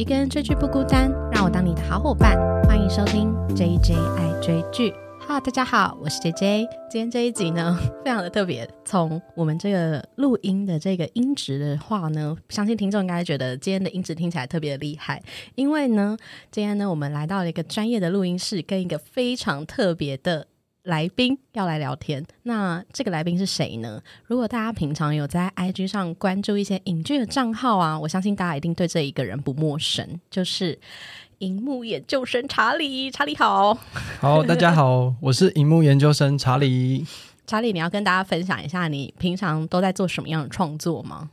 一個人追劇不孤單，讓我當你的好夥伴。歡迎收聽 JJ 愛追劇。哈，大家好，我是 JJ。今天這一集呢，非常的特別。從我們這個錄音的這個音質的話呢，相信聽眾應該覺得今天的音質聽起來特別的厲害。因為呢，今天呢，我們來到了一個專業的錄音室，跟一個非常特別的來賓要來聊天，那這個來賓是誰呢？如果大家平常有在 IG 上關注一些影劇的賬號啊，我相信大家一定對這一個人不陌生，就是銀幕研究生查理。查理好，好好，大家好， 我是銀幕研究生查理。 查理，你要跟大家分享一下你平常都在做什麼樣的創作嗎？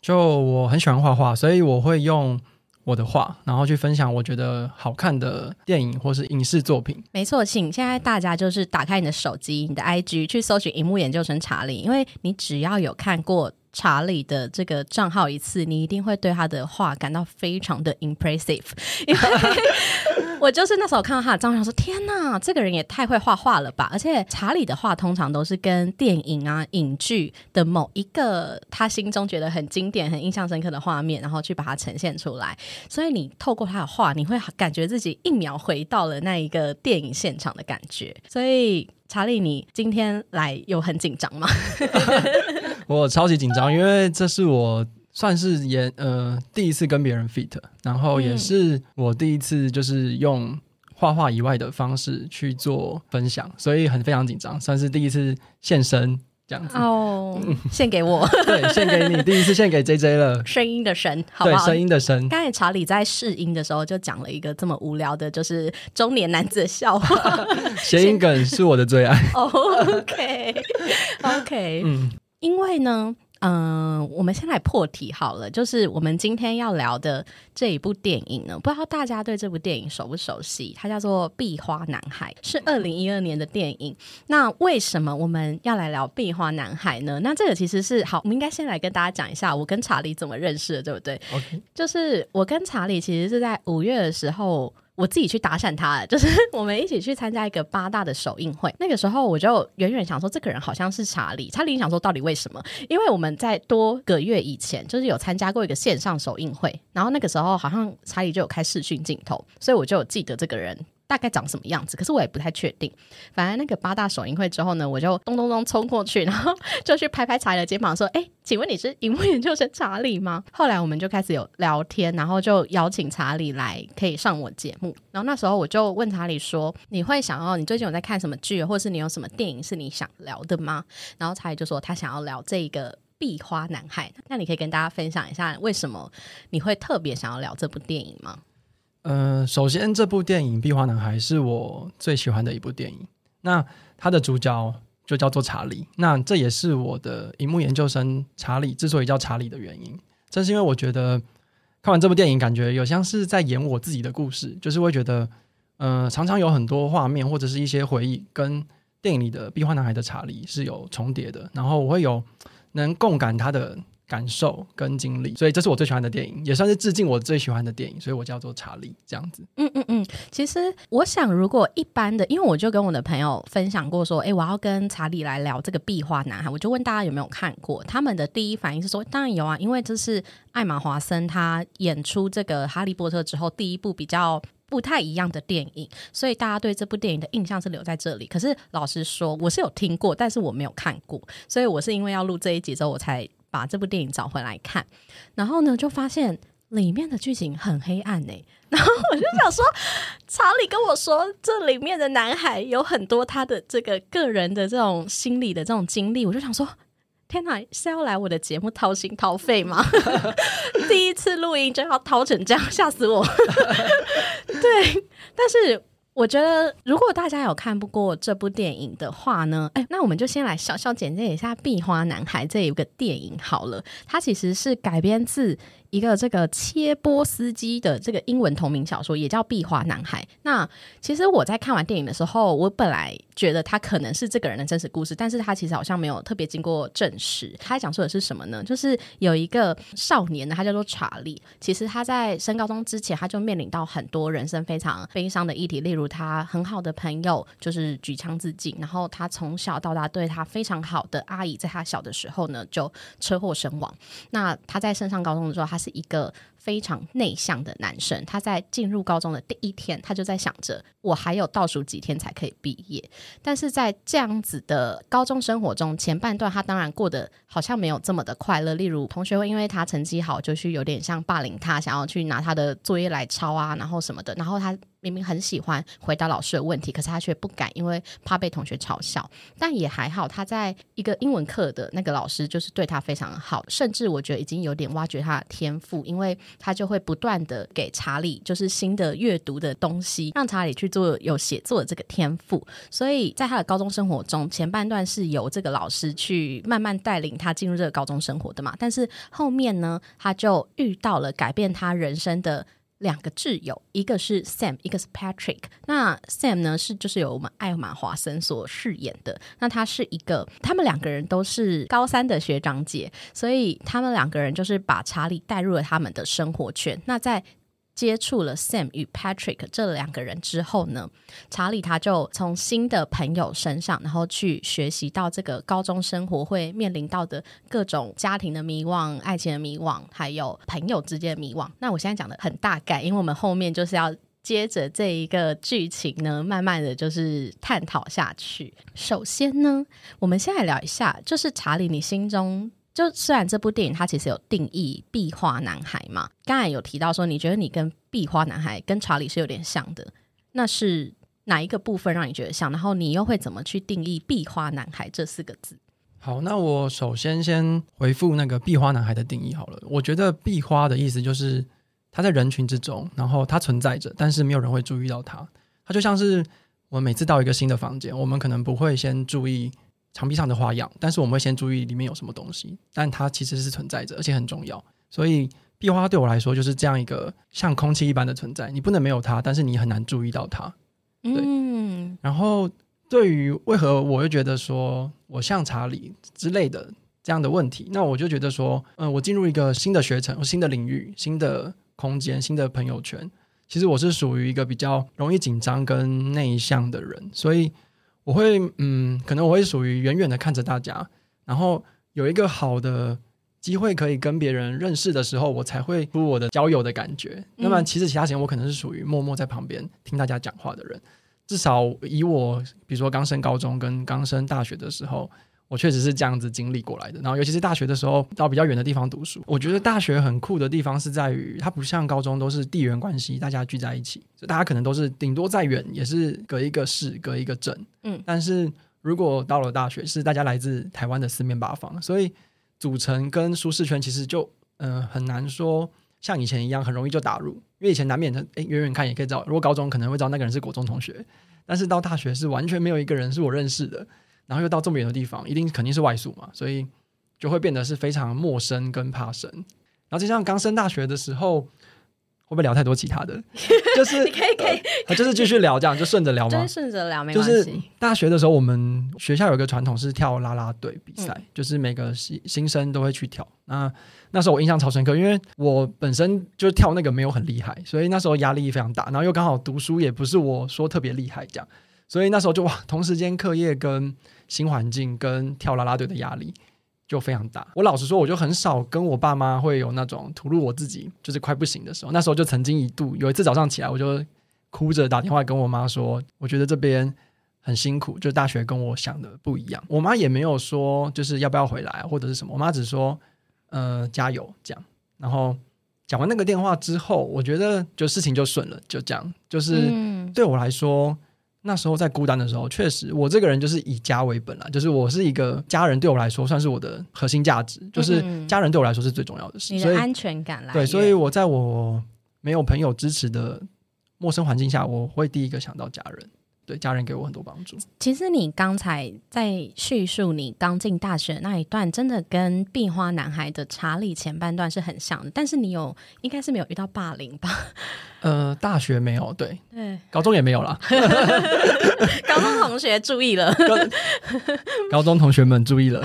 就我很喜歡畫畫，所以我會用。我的話，然後去分享我覺得好看的電影或是影視作品。沒錯，請現在大家就是打開你的手機、你的 IG 去搜尋《銀幕研究生》查理，因為你只要有看過。查理的這個賬號一次，你一定會對他的畫感到非常的 impressive，因為我就是那時候看到他的賬號說：“天哪，這個人也太會畫畫了吧！”而且查理的畫通常都是跟電影啊、影劇的某一個他心中覺得很經典、很印象深刻的畫面，然後去把它呈現出來。所以你透過他的畫，你會感覺自己一秒回到了那一個電影現場的感覺。所以查理，你今天來有很緊張嗎？ 我超級緊張，因為這是我算是呃第一次跟別人 feat，然後也是我第一次就是用畫畫以外的方式去做分享，所以很非常緊張，算是第一次現身這樣子。哦、oh, 嗯，獻給我，對，獻給你，第一次獻給 J J 了聲好不好，聲音的聲，對，聲音的聲。剛才查理在試音的時候就講了一個這麼無聊的，就是中年男子的笑話，諧 音梗是我的最愛。OK，OK，Okay, okay. 嗯。因為呢，嗯、呃，我們先來破題好了。就是我們今天要聊的這一部電影呢，不知道大家對這部電影熟不熟悉？它叫做《壁花男孩》，是二零一二年的電影。那為什麼我們要來聊《壁花男孩》呢？那這個其實是好，我們應該先來跟大家講一下我跟查理怎麼認識的，對不對？OK，就是我跟查理其實是在五月的時候。我自己去搭訕他了，就是我們一起去參加一個八大的首映會。那個時候我就遠遠想說，這個人好像是查理。查理想說，到底為什麼？因為我們在多個月以前，就是有參加過一個線上首映會，然後那個時候好像查理就有開視訊鏡頭，所以我就有記得這個人。大概長什麼樣子？可是我也不太確定。反正那個八大首映會之後呢，我就咚咚咚衝過去，然後就去拍拍查理的肩膀，說：“哎，請問你是銀幕研究生查理嗎？”後來我們就開始有聊天，然後就邀請查理來可以上我節目。然後那時候我就問查理說：“你會想要你最近有在看什麼劇，或是你有什麼電影是你想聊的嗎？”然後查理就說他想要聊這個《壁花男孩》。那你可以跟大家分享一下，為什麼你會特別想要聊這部電影嗎？嗯、呃，首先這部電影《壁花男孩》是我最喜歡的一部電影。那他的主角就叫做查理，那這也是我的銀幕研究生查理之所以叫查理的原因，正是因為我覺得看完這部電影，感覺有像是在演我自己的故事，就是會覺得，呃，常常有很多畫面或者是一些回憶跟電影裡的壁花男孩的查理是有重疊的，然後我會有能共感他的。感受跟經歷，所以這是我最喜歡的電影，也算是致敬我最喜歡的電影，所以我叫做查理這樣子。嗯嗯嗯，其實我想，如果一般的，因為我就跟我的朋友分享過，說，誒、欸、我要跟查理來聊這個壁花男孩，我就問大家有沒有看過？他們的第一反應是說，當然有啊，因為這是艾瑪華森他演出這個哈利波特之後第一部比較不太一樣的電影，所以大家對這部電影的印象是留在這裡。可是老實說，我是有聽過，但是我沒有看過，所以我是因為要錄這一集之後我才。把這部電影找回來看，然後呢，就發現裡面的劇情很黑暗哎、欸。然後我就想說，查理跟我說，這裡面的男孩有很多他的這個個人的這種心理的這種經歷，我就想說，天吶，是要來我的節目掏心掏肺嗎？ 第一次錄音就要掏成這樣，嚇死我！ 對，但是。我覺得，如果大家有看不過這部電影的話呢，哎，那我們就先來小小簡介一下《壁花男孩》這一個電影好了。它其實是改編自一個這個切波斯基的這個英文同名小說，也叫《壁花男孩》。那其實我在看完電影的時候，我本來。覺得他可能是這個人的真實故事，但是他其實好像沒有特別經過證實。他講述的是什麼呢？就是有一個少年呢，他叫做查理。其實他在升高中之前，他就面臨到很多人生非常悲傷的議題，例如他很好的朋友就是舉槍自盡，然後他從小到大對他非常好的阿姨，在他小的時候呢就車禍身亡。那他在升上高中的時候，他是一個。非常內向的男生，他在進入高中的第一天，他就在想着，我還有倒數幾天才可以畢業。但是在這樣子的高中生活中，前半段他當然過得好像沒有這麼的快樂。例如，同學會因為他成績好，就是有點像霸凌他，想要去拿他的作業來抄啊，然後什麼的。然後他。明明很喜歡回答老師的問題，可是他卻不敢，因為怕被同學嘲笑。但也還好，他在一個英文課的那個老師就是對他非常好，甚至我覺得已經有點挖掘他的天賦，因為他就會不斷的給查理就是新的閱讀的東西，讓查理去做有寫作的這個天賦。所以在他的高中生活中，前半段是由這個老師去慢慢帶領他進入這個高中生活的嘛，但是後面呢，他就遇到了改變他人生的。兩個摯友，一個是 Sam，一個是 Patrick。那 Sam 呢，是就是由我們艾瑪華森所飾演的。那他是一個，他們兩個人都是高三的學長姐，所以他們兩個人就是把查理帶入了他們的生活圈。那在接觸了 Sam 與 Patrick 這兩個人之後呢，查理他就從新的朋友身上，然後去學習到這個高中生活會面臨到的各種家庭的迷惘、愛情的迷惘，還有朋友之間的迷惘。那我現在講的很大概，因為我們後面就是要接着這一個劇情呢，慢慢的就是探討下去。首先呢，我們先來聊一下，就是查理你心中。就雖然這部電影它其實有定義壁花男孩嘛，剛才有提到說，你覺得你跟壁花男孩跟查理是有點像的，那是哪一個部分讓你覺得像？然後你又會怎麼去定義壁花男孩這四個字？好，那我首先先回復那個壁花男孩的定義好了。我覺得壁花的意思就是他在人群之中，然後他存在着，但是沒有人會注意到他。他就像是我們每次到一個新的房間，我們可能不會先注意牆壁上的花樣，但是我們會先注意裡面有什麼東西，但它其實是存在着，而且很重要。所以壁花對我來說，就是這樣一個像空氣一般的存在，你不能沒有它，但是你很難注意到它。對。嗯、然後，對於為何我會覺得說我像查理之類的這樣的問題，那我就覺得說，嗯、呃，我進入一個新的學程、新的領域、新的空間、新的朋友圈，其實我是屬於一個比較容易緊張跟內向的人，所以。我會嗯，可能我會屬於遠遠的看着大家，然後有一個好的機會可以跟別人認識的時候，我才會出我的交友的感覺。那麼、嗯、其實其他時間我可能是屬於默默在旁邊聽大家講話的人，至少以我，比如說剛升高中跟剛升大學的時候。我確實是這樣子經歷過來的，然後尤其是大學的時候到比較遠的地方讀書。我覺得大學很酷的地方是在於，它不像高中都是地緣關係，大家聚在一起，就大家可能都是頂多再遠也是隔一個市，隔一個鎮。嗯，但是如果到了大學，是大家來自台灣的四面八方，所以組成跟舒適圈其實就嗯、呃、很難說像以前一樣很容易就打入，因為以前難免的，誒，遠遠看也可以知道，如果高中可能會知道那個人是國中同學，但是到大學是完全沒有一個人是我認識的。然後又到這麼遠的地方，一定肯定是外宿嘛，所以就會變得是非常陌生跟怕生。然後就像剛升大學的時候，會不會聊太多其他的？ 就是可以可以，就是繼續聊這樣，就順着聊嗎？就順着聊沒關係。就是大學的時候，我們學校有一個傳統是跳啦啦隊比賽，嗯、就是每個新新生都會去跳。那那時候我印象超深刻，因為我本身就跳那個沒有很厲害，所以那時候壓力非常大。然後又剛好讀書也不是我說特別厲害這樣，所以那時候就哇，同時間課業跟新環境跟跳啦啦隊的壓力就非常大。我老實說，我就很少跟我爸媽會有那種吐露我自己就是快不行的時候。那時候就曾經一度有一次早上起來，我就哭着打電話跟我媽說，我覺得這邊很辛苦，就大學跟我想的不一樣。我媽也沒有說就是要不要回來或者是什麼，我媽只說呃，加油這樣。然後講完那個電話之後，我覺得就事情就順了，就這樣，就是對我來說。那時候在孤單的時候，確實我這個人就是以家為本啦，就是我是一個家人，對我來說算是我的核心價值，就是家人對我來說是最重要的事。嗯、所以你的安全感來源。對，所以我在我沒有朋友支持的陌生環境下，我會第一個想到家人。對，家人給我很多幫助。其實你剛才在敘述你剛進大學那一段，真的跟《壁花男孩》的查理前半段是很像的。但是你有，應該是沒有遇到霸凌吧？呃，大學沒有，對，對，高中也沒有啦。 高中同學注意了高，高中同學們注意了。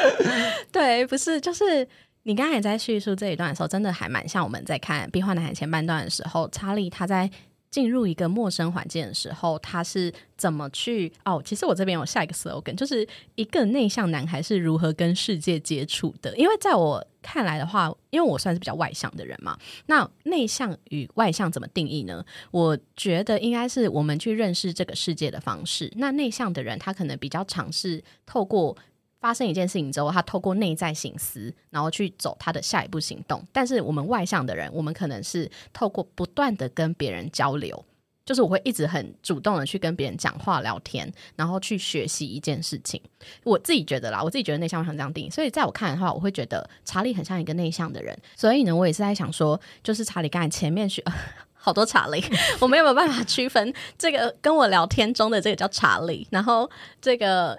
對，不是，就是你剛才也在敘述這一段的時候，真的還蠻像我們在看《壁花男孩》前半段的時候，查理他在。進入一個陌生環境的時候，他是怎麼去？哦，其實我這邊有下一個 slogan，就是一個內向男孩是如何跟世界接觸的。因為在我看來的話，因為我算是比較外向的人嘛，那內向與外向怎麼定義呢？我覺得應該是我們去認識這個世界的方式。那內向的人，他可能比較嘗試透過。發生一件事情之後，他透過內在心思，然後去走他的下一步行動。但是我們外向的人，我們可能是透過不斷的跟別人交流，就是我會一直很主動的去跟別人講話聊天，然後去學習一件事情。我自己覺得啦，我自己覺得內向會像這樣定義，所以在我看來的話，我會覺得查理很像一個內向的人。所以呢，我也是在想說，就是查理剛才前面學 好多查理， 我們有沒有辦法區分這個跟我聊天中的這個叫查理，然後這個。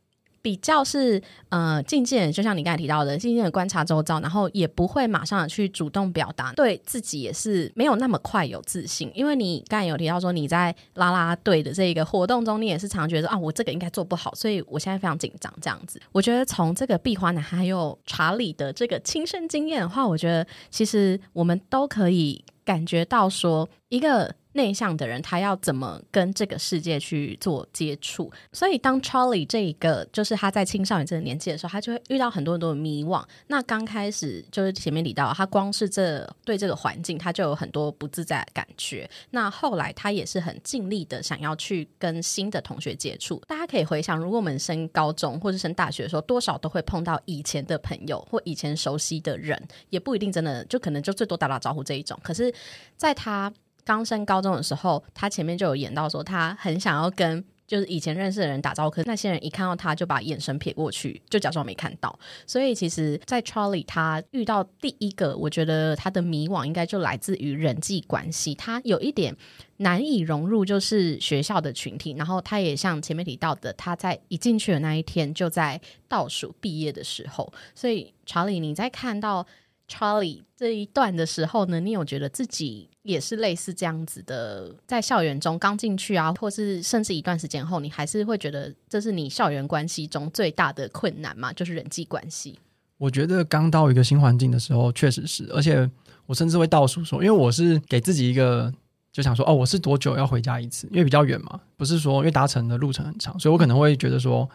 比較是呃，靜靜就像你剛才提到的，靜靜的觀察周遭，然後也不會馬上去主動表達，對自己也是沒有那麼快有自信。因為你剛才有提到說，你在啦啦隊的這一個活動中，你也是常，常覺得說啊，我這個應該做不好，所以我現在非常緊張這樣子。我覺得從這個壁花男孩還有查理的這個親身經驗的話，我覺得其實我們都可以感覺到說一個。內向的人，他要怎麼跟這個世界去做接觸？所以，當 Charlie 這一個就是他在青少年這個年紀的時候，他就會遇到很多很多的迷惘。那剛開始就是前面提到，他光是這對這個環境，他就有很多不自在的感覺。那後來，他也是很盡力的想要去跟新的同學接觸。大家可以回想，如果我們升高中或是升大學的時候，多少都會碰到以前的朋友或以前熟悉的人，也不一定真的就可能就最多打打招呼這一種。可是，在他。剛升高中的時候，他前面就有演到說，他很想要跟就是以前認識的人打招呼，那些人一看到他就把眼神撇過去，就假裝沒看到。所以其實，在 Charlie 他遇到第一個，我覺得他的迷惘應該就來自於人際關係，他有一點難以融入就是學校的群體。然後他也像前面提到的，他在一進去的那一天就在倒數畢業的時候。所以查理，你在看到 Charlie 這一段的時候呢，你有覺得自己？也是類似這樣子的，在校園中剛進去啊，或是甚至一段時間後，你還是會覺得這是你校園關係中最大的困難嘛，就是人際關係。我覺得剛到一個新環境的時候，確實是，而且我甚至會倒數說，因為我是給自己一個就想說，哦，我是多久要回家一次？因為比較遠嘛，不是說因為搭乘的路程很長，所以我可能會覺得說。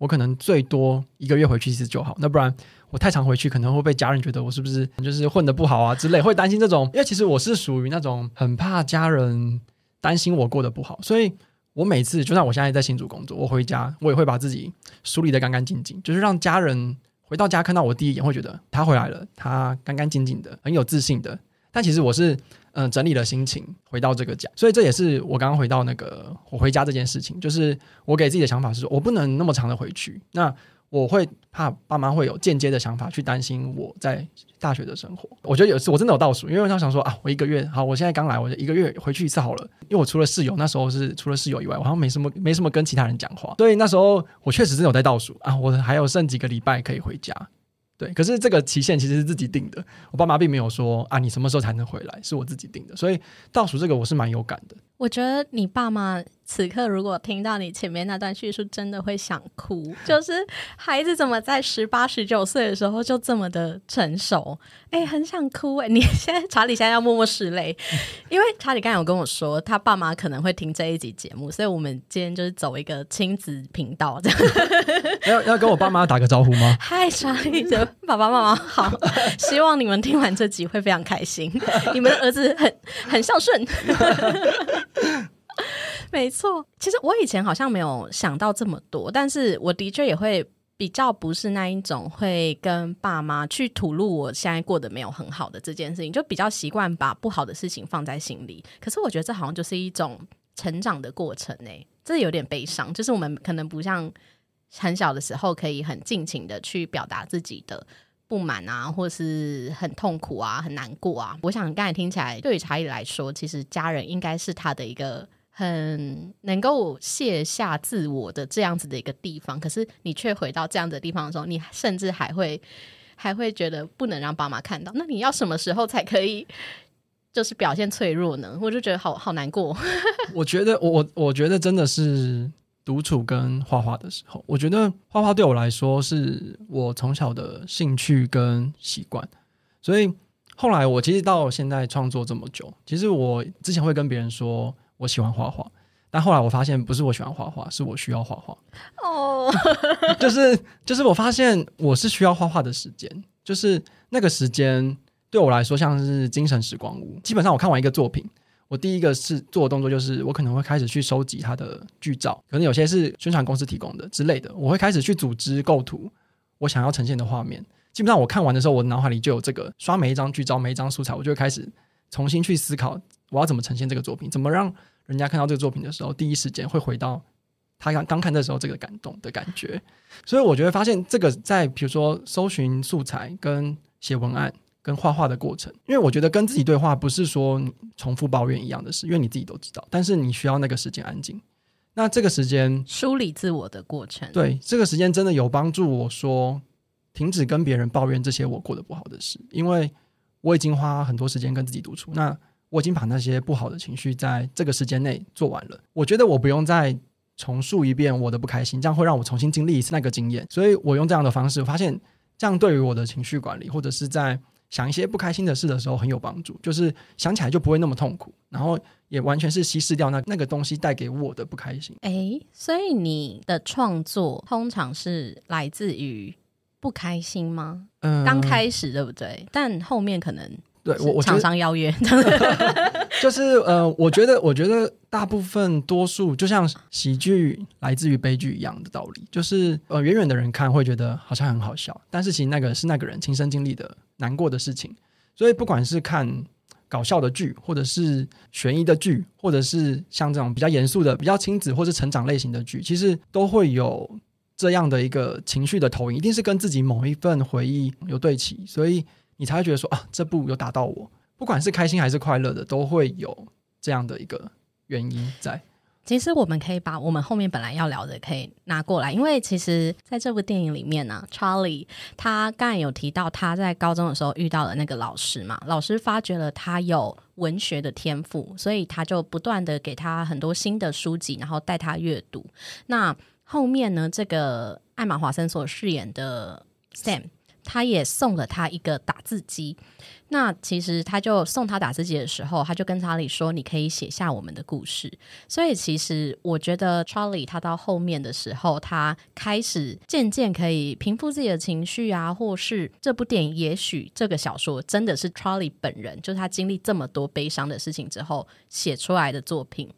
我可能最多一個月回去一次就好，那不然我太常回去，可能會被家人覺得我是不是就是混得不好啊之類，會擔心這種。因為其實我是屬於那種很怕家人擔心我過得不好，所以我每次就算我現在在新竹工作，我回家我也會把自己梳理得乾乾淨淨，就是讓家人回到家看到我第一眼會覺得他回來了，他乾乾淨淨的，很有自信的。但其實我是。嗯，整理了心情，回到這個家，所以這也是我剛剛回到那個我回家這件事情，就是我給自己的想法是說，我不能那麼長的回去，那我會怕爸媽會有間接的想法去擔心我在大學的生活。我覺得有次我真的有倒數，因為我想說啊，我一個月好，我現在剛來，我就一個月回去一次好了，因為我除了室友那時候是除了室友以外，我好像沒什麼沒什麼跟其他人講話，所以那時候我確實真的有在倒數啊，我還有剩幾個禮拜可以回家。對，可是這個期限其實是自己定的，我爸媽並沒有說啊，你什麼時候才能回來，是我自己定的，所以倒數這個我是蠻有感的。我覺得你爸媽此刻如果聽到你前面那段敘述，真的會想哭。就是孩子怎麼在十八十九歲的時候就這麼的成熟？哎、欸，很想哭哎、欸！你現在查理現在要默默拭淚，因為查理剛剛有跟我說，他爸媽可能會聽這一集節目，所以我們今天就是走一個親子頻道這樣。 要要跟我爸媽打個招呼嗎？嗨，查理的爸爸媽媽好，希望你們聽完這集會非常開心。你們的兒子很很孝順。 沒錯，其實我以前好像沒有想到這麼多，但是我的確也會比較不是那一種會跟爸媽去吐露我現在過得沒有很好的這件事情，就比較習慣把不好的事情放在心裡。可是我覺得這好像就是一種成長的過程誒，這有點悲傷。就是我們可能不像很小的時候可以很盡情的去表達自己的不滿啊，或是很痛苦啊，很難過啊。我想剛才聽起來，對於查理來說，其實家人應該是他的一個。很能夠卸下自我的這樣子的一個地方，可是你卻回到這樣的地方的時候，你甚至還會還會覺得不能讓爸媽看到。那你要什麼時候才可以，就是表現脆弱呢？我就覺得好好難過。 我覺得我我覺得真的是獨處跟畫畫的時候，我覺得畫畫對我來說是我從小的興趣跟習慣。所以後來我其實到現在創作這麼久，其實我之前會跟別人說。我喜歡畫畫，但後來我發現不是我喜歡畫畫，是我需要畫畫。哦、 就是，就是就是，我發現我是需要畫畫的時間，就是那個時間對我來說像是精神時光屋。基本上，我看完一個作品，我第一個是做的動作就是，我可能會開始去收集它的劇照，可能有些是宣傳公司提供的之類的。我會開始去組織構圖，我想要呈現的畫面。基本上，我看完的時候，我腦海裡就有這個。刷每一張劇照，每一張素材，我就會開始重新去思考，我要怎麼呈現這個作品，怎麼讓人家看到這個作品的時候，第一時間會回到他剛剛看的時候這個感動的感覺，所以我覺得發現這個在比如說搜尋素材、跟寫文案、跟畫畫的過程，因為我覺得跟自己對話不是說重複抱怨一樣的事，因為你自己都知道，但是你需要那個時間安靜。那這個時間梳理自我的過程，對這個時間真的有幫助。我說停止跟別人抱怨這些我過得不好的事，因為我已經花很多時間跟自己獨處。那我已經把那些不好的情緒在這個時間內做完了，我覺得我不用再重述一遍我的不開心，這樣會讓我重新經歷一次那個經驗。所以，我用這樣的方式，我發現這樣對於我的情緒管理，或者是在想一些不開心的事的時候很有幫助，就是想起來就不會那麼痛苦，然後也完全是稀釋掉那那個東西帶給我的不開心。誒，所以你的創作通常是來自於不開心嗎？嗯，剛開始對不對？但後面可能。對是我，我常常邀約、呃、就是呃，我覺得我覺得大部分多數就像喜劇來自於悲劇一樣的道理，就是呃，遠遠的人看會覺得好像很好笑，但是其實那個是那個人親身經歷的難過的事情，所以不管是看搞笑的劇，或者是懸疑的劇，或者是像這種比較嚴肅的、比較親子或是成長類型的劇，其實都會有這樣的一個情緒的投影，一定是跟自己某一份回憶有對齊，所以。你才會覺得說啊，這部有打到我，不管是開心還是快樂的，都會有這樣的一個原因在。其實我們可以把我們後面本來要聊的可以拿過來，因為其實在這部電影裡面呢，啊，Charlie 他剛才有提到他在高中的時候遇到了那個老師嘛，老師發覺了他有文學的天賦，所以他就不斷的給他很多新的書籍，然後帶他閱讀。那後面呢，這個艾瑪華森所飾演的 Sam。他也送了他一個打字機，那其實他就送他打字機的時候，他就跟查理說：“你可以寫下我們的故事。”所以其實我覺得查理他到後面的時候，他開始漸漸可以平復自己的情緒啊，或是這部電影，也許這個小說真的是查理本人，就是他經歷這麼多悲傷的事情之後寫出來的作品。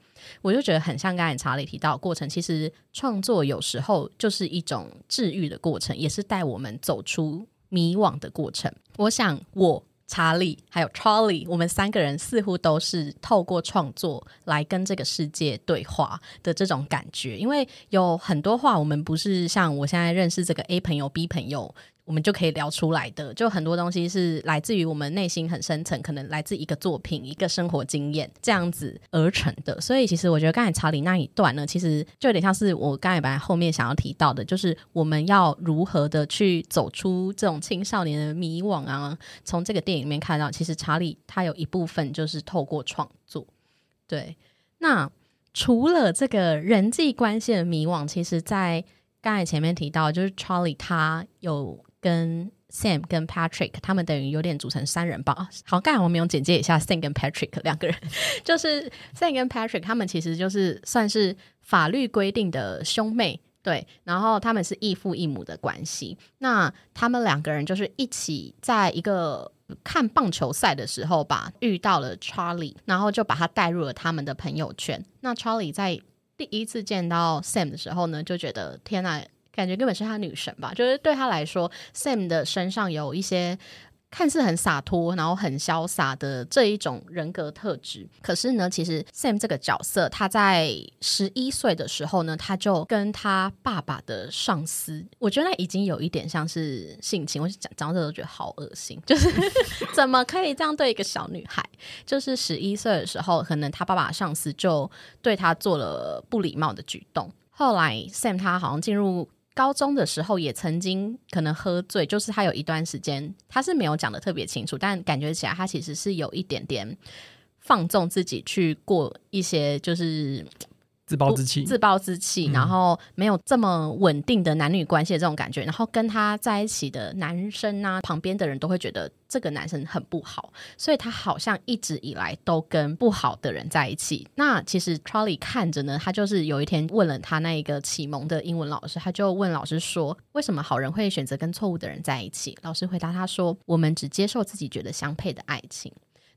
我就覺得很像剛才查理提到，過程其實創作有時候就是一種治癒的過程，也是帶我們走出。迷惘的過程，我想我查理還有查理，我們三個人似乎都是透過創作來跟這個世界對話的這種感覺，因為有很多話我們不是像我現在認識這個 A 朋友 B 朋友我們就可以聊出來的，就很多東西是來自於我們內心很深層，可能來自一個作品、一個生活經驗這樣子而成的。所以，其實我覺得剛才查理那一段呢，其實就有點像是我剛才本來後面想要提到的，就是我們要如何的去走出這種青少年的迷惘啊。從這個電影裡面看到，其實查理他有一部分就是透過創作。對，那除了這個人際關係的迷惘，其實在剛才前面提到，就是查理他有。跟 Sam 跟 Patrick 他們等於有點組成三人幫，啊。好，剛好我們用簡介一下 Sam 跟 Patrick 兩個人， 就是 Sam 跟 Patrick 他們其實就是算是法律規定的兄妹，對，然後他們是異父異母的關係。那他們兩個人就是一起在一個看棒球賽的時候吧，遇到了 Charlie，然後就把他帶入了他們的朋友圈。那 Charlie 在第一次見到 Sam 的時候呢，就覺得天哪！感覺根本是她女神吧，就是對她來說，Sam 的身上有一些看似很灑脫，然後很瀟灑的這一種人格特質。可是呢，其實 Sam 這個角色，他在十一歲的時候呢，他就跟他爸爸的上司，我覺得他已經有一點像是性侵。我講講到這都覺得好噁心，就是 怎麼可以這樣對一個小女孩？就是十一歲的時候，可能他爸爸的上司就對他做了不禮貌的舉動。後來 Sam 他好像進入，高中的時候也曾經可能喝醉，就是他有一段時間，他是沒有講得特別清楚，但感覺起來他其實是有一點點放縱自己去過一些就是。自暴自棄，自暴自棄，嗯、然後沒有這麼穩定的男女關係的這種感覺，然後跟他在一起的男生啊，旁邊的人都會覺得這個男生很不好，所以他好像一直以來都跟不好的人在一起。那其實查理 l 看着呢，他就是有一天問了他那一個啟蒙的英文老師，他就問老師說，為什麼好人會選擇跟錯誤的人在一起？老師回答他說，我們只接受自己覺得相配的愛情。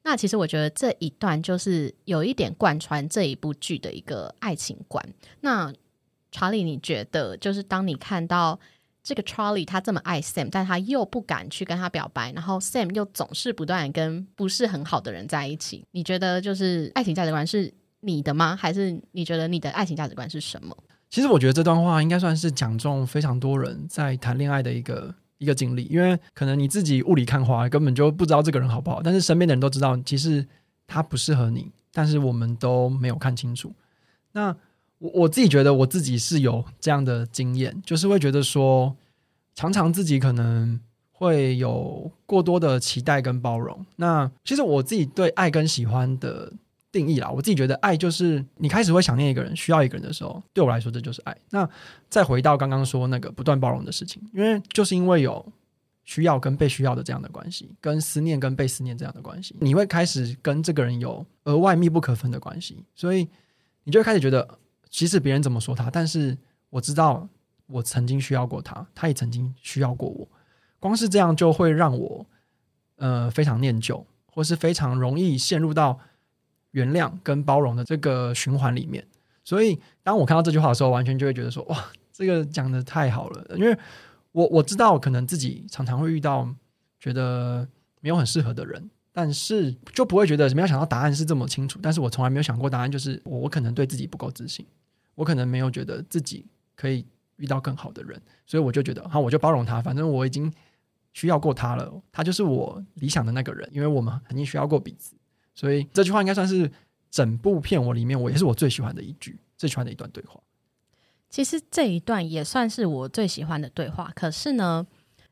那其實我覺得這一段就是有一點貫穿這一部劇的一個愛情觀。那查理，你覺得就是當你看到這個查理他這麼愛 Sam，但他又不敢去跟他表白，然後 Sam 又總是不斷跟不是很好的人在一起，你覺得就是愛情價值觀是你的嗎？還是你覺得你的愛情價值觀是什麼？其實我覺得這段話應該算是講中非常多人在談戀愛的一個。一個經歷，因為可能你自己霧裡看花，根本就不知道這個人好不好，但是身邊的人都知道，其實他不適合你，但是我們都沒有看清楚。那我我自己覺得，我自己是有這樣的經驗，就是會覺得說，常常自己可能會有過多的期待跟包容。那其實我自己對愛跟喜歡的定義啦，我自己覺得愛就是你開始會想念一個人、需要一個人的時候，對我來說這就是愛。那再回到剛剛說那個不斷包容的事情，因為就是因為有需要跟被需要的這樣的關係，跟思念跟被思念這樣的關係，你會開始跟這個人有額外密不可分的關係，所以你就會開始覺得，即使別人怎麼說他，但是我知道我曾經需要過他，他也曾經需要過我。光是這樣就會讓我呃非常念舊，或是非常容易陷入到，原諒跟包容的這個循環裡面，所以當我看到這句話的時候，完全就會覺得說，哇，這個講得太好了。因為我我知道，可能自己常常會遇到覺得沒有很適合的人，但是就不會覺得沒有想到答案是這麼清楚。但是我從來沒有想過，答案就是我可能對自己不夠自信，我可能沒有覺得自己可以遇到更好的人，所以我就覺得，好，我就包容他，反正我已經需要過他了，他就是我理想的那個人，因為我們肯定需要過彼此。所以這句話應該算是整部片我裡面我也是我最喜歡的一句，最喜歡的一段對話。其實這一段也算是我最喜歡的對話，可是呢，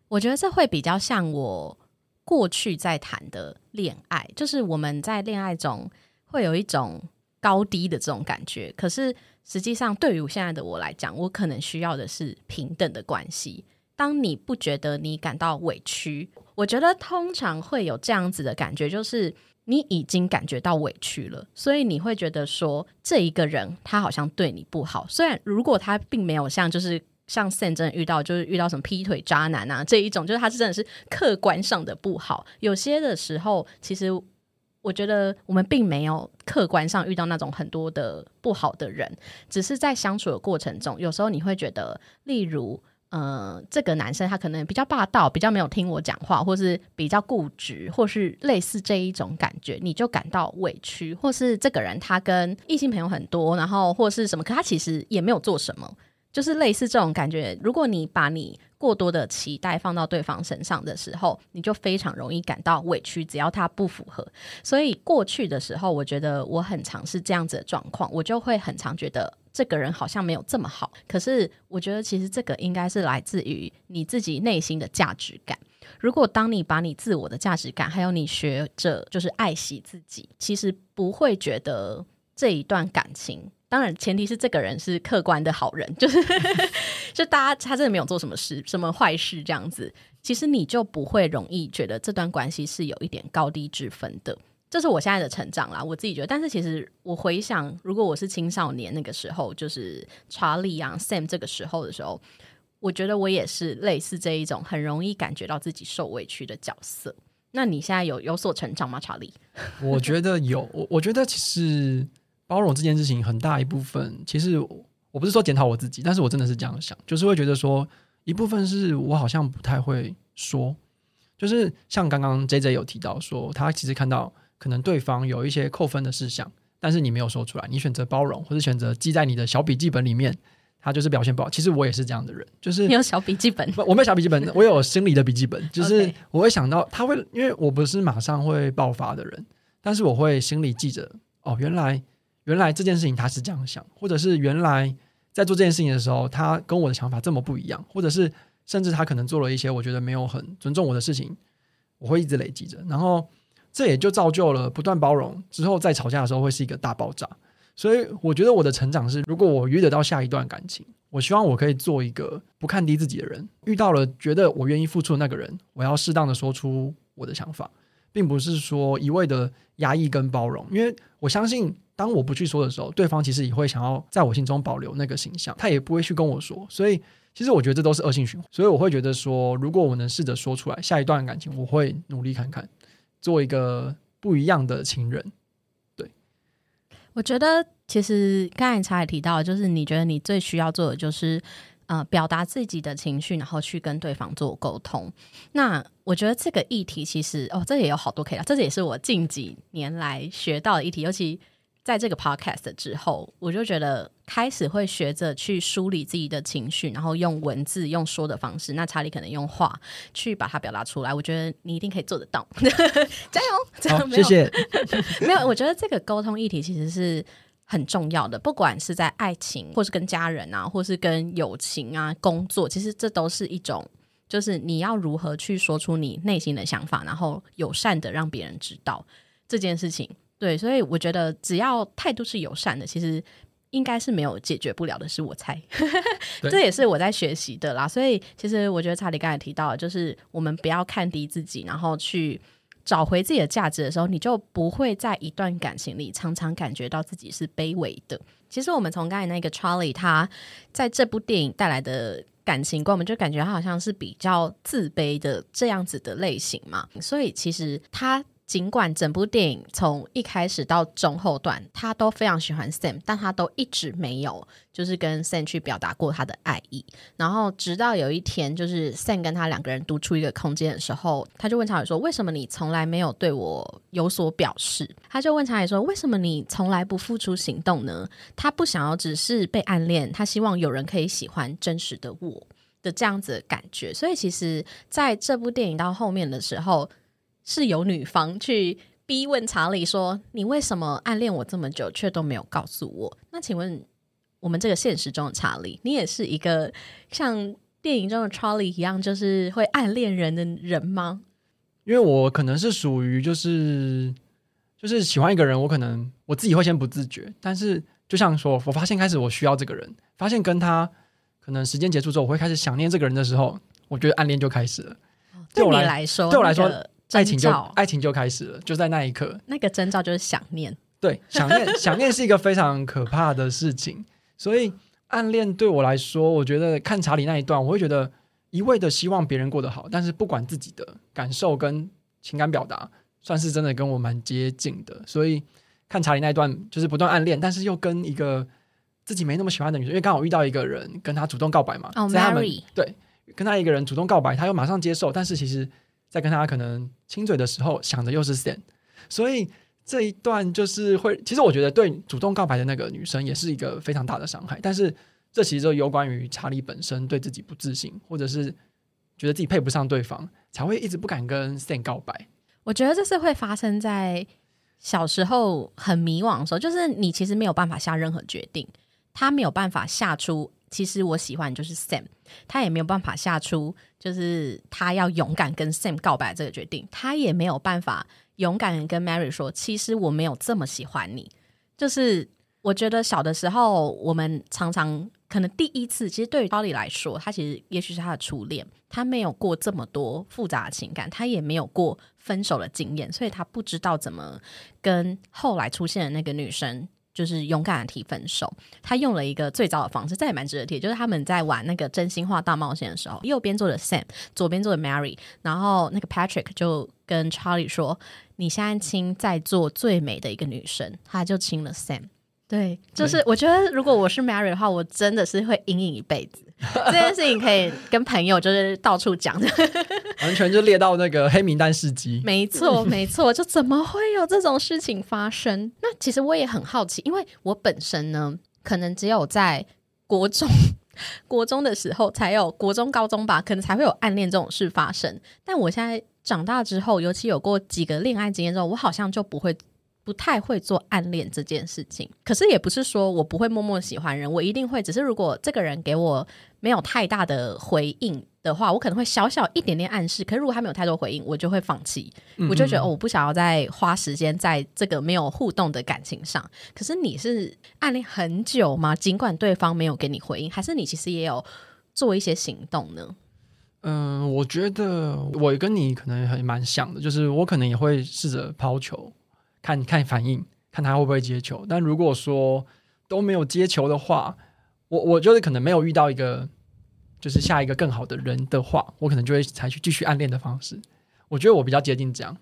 我覺得這會比較像我過去在談的戀愛，就是我們在戀愛中會有一種高低的這種感覺。可是實際上，對於現在的我來講，我可能需要的是平等的關係。當你不覺得你感到委屈，我覺得通常會有這樣子的感覺，就是。你已經感覺到委屈了，所以你會覺得說，這一個人他好像對你不好。雖然如果他並沒有像就是像現，真的遇到就是遇到什麼劈腿渣男啊這一種，就是他是真的是客觀上的不好。有些的時候，其實我覺得我們並沒有客觀上遇到那種很多的不好的人，只是在相處的過程中，有時候你會覺得，例如。呃，這個男生他可能比較霸道，比較沒有聽我講話，或是比較固執，或是類似這一種感覺，你就感到委屈，或是這個人他跟異性朋友很多，然後或是什麼，可他其實也沒有做什麼，就是類似這種感覺。如果你把你。過多的期待放到對方身上的時候，你就非常容易感到委屈。只要他不符合，所以過去的時候，我覺得我很常是這樣子的狀況，我就會很常覺得這個人好像沒有這麼好。可是我覺得其實這個應該是來自於你自己內心的價值感。如果當你把你自我的價值感，還有你學着就是愛惜自己，其實不會覺得這一段感情。當然，前提是這個人是客觀的好人，就是 就大家他真的沒有做什麼事，什麼壞事這樣子，其實你就不會容易覺得這段關係是有一點高低之分的。這是我現在的成長啦，我自己覺得。但是其實我回想，如果我是青少年那個時候，就是查理啊、Sam 這個時候的時候，我覺得我也是類似這一種很容易感覺到自己受委屈的角色。那你現在有有所成長嗎，查理？我覺得有，我 我覺得其實。包容這件事情很大一部分，其實我，我不是說檢討我自己，但是我真的是這樣想，就是會覺得說一部分是我好像不太會說，就是像剛剛 JJ 有提到說，他其實看到可能對方有一些扣分的事項，但是你沒有說出來，你選擇包容，或是選擇記在你的小筆記本裡面，他就是表現不好。其實我也是這樣的人，就是你有小筆記本，我沒有小筆記本， 我有心理的筆記本，就是我會想到他會，因為我不是馬上會爆發的人，但是我會心裡記着，哦，原來。原來這件事情他是這樣想，或者是原來在做這件事情的時候，他跟我的想法這麼不一樣，或者是甚至他可能做了一些我覺得沒有很尊重我的事情，我會一直累積着，然後這也就造就了不斷包容之後，在吵架的時候會是一個大爆炸。所以我覺得我的成長是，如果我遇得到下一段感情，我希望我可以做一個不看低自己的人，遇到了覺得我願意付出的那個人，我要適當的說出我的想法，並不是說一味的壓抑跟包容，因為我相信。當我不去說的時候，對方其實也會想要在我心中保留那個形象，他也不會去跟我說。所以，其實我覺得這都是惡性循環。所以，我會覺得說，如果我能試着說出來，下一段感情我會努力看看，做一個不一樣的情人。對，我覺得其實剛才才提到，就是你覺得你最需要做的就是呃，表達自己的情緒，然後去跟對方做溝通。那我覺得這個議題其實哦，這也有好多可以聊，這也是我近幾年來學到的議題，尤其。在這個 podcast 之後，我就覺得開始會學着去梳理自己的情緒，然後用文字、用說的方式，那查理可能用畫去把它表達出來。我覺得你一定可以做得到， 加油！加油、哦、沒有，謝謝。 沒有，我覺得這個溝通議題其實是很重要的，不管是在愛情，或是跟家人啊，或是跟友情啊、工作，其實這都是一種，就是你要如何去說出你內心的想法，然後友善的讓別人知道這件事情。對，所以我覺得只要態度是友善的，其實應該是沒有解決不了的事，我猜， 對這也是我在學習的啦。所以，其實我覺得查理剛才提到，就是我們不要看低自己，然後去找回自己的價值的時候，你就不會在一段感情裡常常感覺到自己是卑微的。其實，我們從剛才那個查理他在這部電影帶來的感情觀，我們就感覺他好像是比較自卑的這樣子的類型嘛。所以，其實他。儘管整部電影從一開始到中後段，他都非常喜歡 Sam，但他都一直沒有就是跟 Sam 去表達過他的愛意。然後直到有一天，就是 Sam 跟他兩個人獨處一個空間的時候，他就問他說：“為什麼你從來沒有對我有所表示？”他就問他也說：“為什麼你從來不付出行動呢？”他不想要只是被暗戀，他希望有人可以喜歡真實的我，的這樣子的感覺。所以其實，在這部電影到後面的時候。是由女方去逼問查理說：“你為什麼暗戀我這麼久，卻都沒有告訴我？”那請問我們這個現實中的查理，你也是一個像電影中的查理一樣，就是會暗戀人的人嗎？因為我可能是屬於就是就是喜歡一個人，我可能我自己會先不自覺。但是就像說我發現開始我需要這個人，發現跟他可能時間結束之後，我會開始想念這個人的時候，我覺得暗戀就開始了。對，對我來說，對我來說。那個愛情就愛情就開始了，就在那一刻，那個徵兆就是想念。對，想念想念，是一個非常可怕的事情， 所以暗戀對我來說，我覺得看查理那一段，我會覺得一味的希望別人過得好，但是不管自己的感受跟情感表達，算是真的跟我蠻接近的。所以看查理那一段，就是不斷暗戀，但是又跟一個自己沒那麼喜歡的女生，因為剛好遇到一個人跟她主動告白嘛。哦，oh，Mary，對，跟他一個人主動告白，她又馬上接受，但是其實。在跟他可能親嘴的時候，想的又是 Sam，所以這一段就是會，其實我覺得對主動告白的那個女生也是一個非常大的傷害。但是這其實就有關於查理本身對自己不自信，或者是覺得自己配不上對方，才會一直不敢跟 Sam 告白。我覺得這是會發生在小時候很迷惘的時候，就是你其實沒有辦法下任何決定，他沒有辦法下出。其實我喜歡就是 Sam，他也沒有辦法下出，就是他要勇敢跟 Sam 告白這個決定，他也沒有辦法勇敢跟 Mary 說，其實我沒有這麼喜歡你。就是我覺得小的時候，我們常常可能第一次，其實對於 Charlie 來說，他其實也許是他的初戀，他沒有過這麼多複雜的情感，他也沒有過分手的經驗，所以他不知道怎麼跟後來出現的那個女生。就是勇敢的提分手，他用了一個最糟的方式，這也蠻值得提。就是他們在玩那個真心話大冒險的時候，右邊坐着 Sam，左邊坐着 Mary，然後那個 Patrick 就跟 Charlie 說：“你現在親在座最美的一個女生。”他就親了 Sam。對，嗯、就是我覺得如果我是 Mary 的話，我真的是會陰影一輩子。 這件事情可以跟朋友就是到處講， 完全就列到那個黑名單事跡。 沒錯，沒錯，就怎麼會有這種事情發生？ 那其實我也很好奇，因為我本身呢，可能只有在國中、國中的時候才有國中、高中吧，可能才會有暗戀這種事發生。但我現在長大之後，尤其有過幾個戀愛經驗之後，我好像就不會。不太會做暗戀這件事情，可是也不是說我不會默默喜歡人，我一定會。只是如果這個人給我沒有太大的回應的話，我可能會小小一點點暗示。可是如果他沒有太多回應，我就會放棄。嗯哼。我就覺得，哦，我不想要再花時間在這個沒有互動的感情上。可是你是暗戀很久嗎？儘管對方沒有給你回應，還是你其實也有做一些行動呢？嗯，呃，我覺得我跟你可能還蠻像的，就是我可能也會試着拋球。看看反應，看他會不會接球。但如果說都沒有接球的話，我我就是可能沒有遇到一個就是下一個更好的人的話，我可能就會採取繼續暗戀的方式。我覺得我比較接近這樣。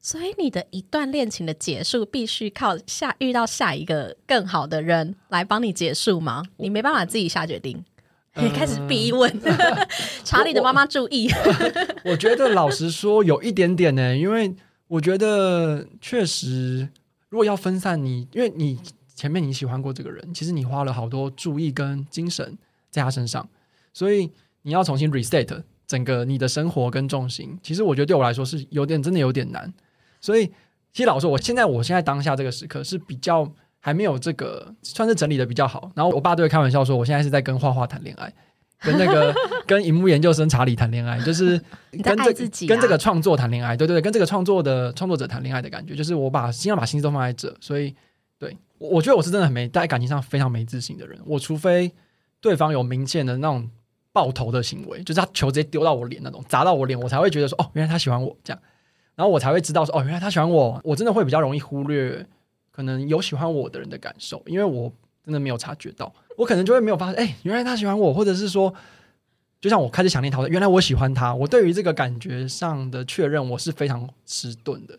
所以你的一段戀情的結束，必須靠下遇到下一個更好的人來幫你結束嗎？我你沒辦法自己下決定，呃、你開始逼問、呃、 查理的媽媽。注意我我、呃，我覺得老實說有一點點呢、欸， 因為。我覺得確實，如果要分散你，因為你前面你喜歡過這個人，其實你花了好多注意跟精神在他身上，所以你要重新 reset 整個你的生活跟重心。其實我覺得對我來說是有點真的有點難。所以其實老實說，我現在我現在當下這個時刻是比較還沒有這個算是整理得比較好。然後我爸都會開玩笑說，我現在是在跟畫畫談戀愛。 跟那個跟銀幕研究生查理談戀愛，就是跟這、啊、跟這個創作談戀愛，對對對，跟這個創作的創作者談戀愛的感覺，就是我把儘量把心思都放在這，所以對我我覺得我是真的很沒在感情上非常沒自信的人，我除非對方有明顯的那種爆頭的行為，就是他球直接丟到我臉那種砸到我臉，我才會覺得說哦，原來他喜歡我這樣，然後我才會知道說哦，原來他喜歡我，我真的會比較容易忽略可能有喜歡我的人的感受，因為我真的沒有察覺到。我可能就會沒有發現，哎、欸，原來他喜歡我，或者是說，就像我開始想念他，原來我喜歡他。我對於這個感覺上的確認，我是非常遲鈍的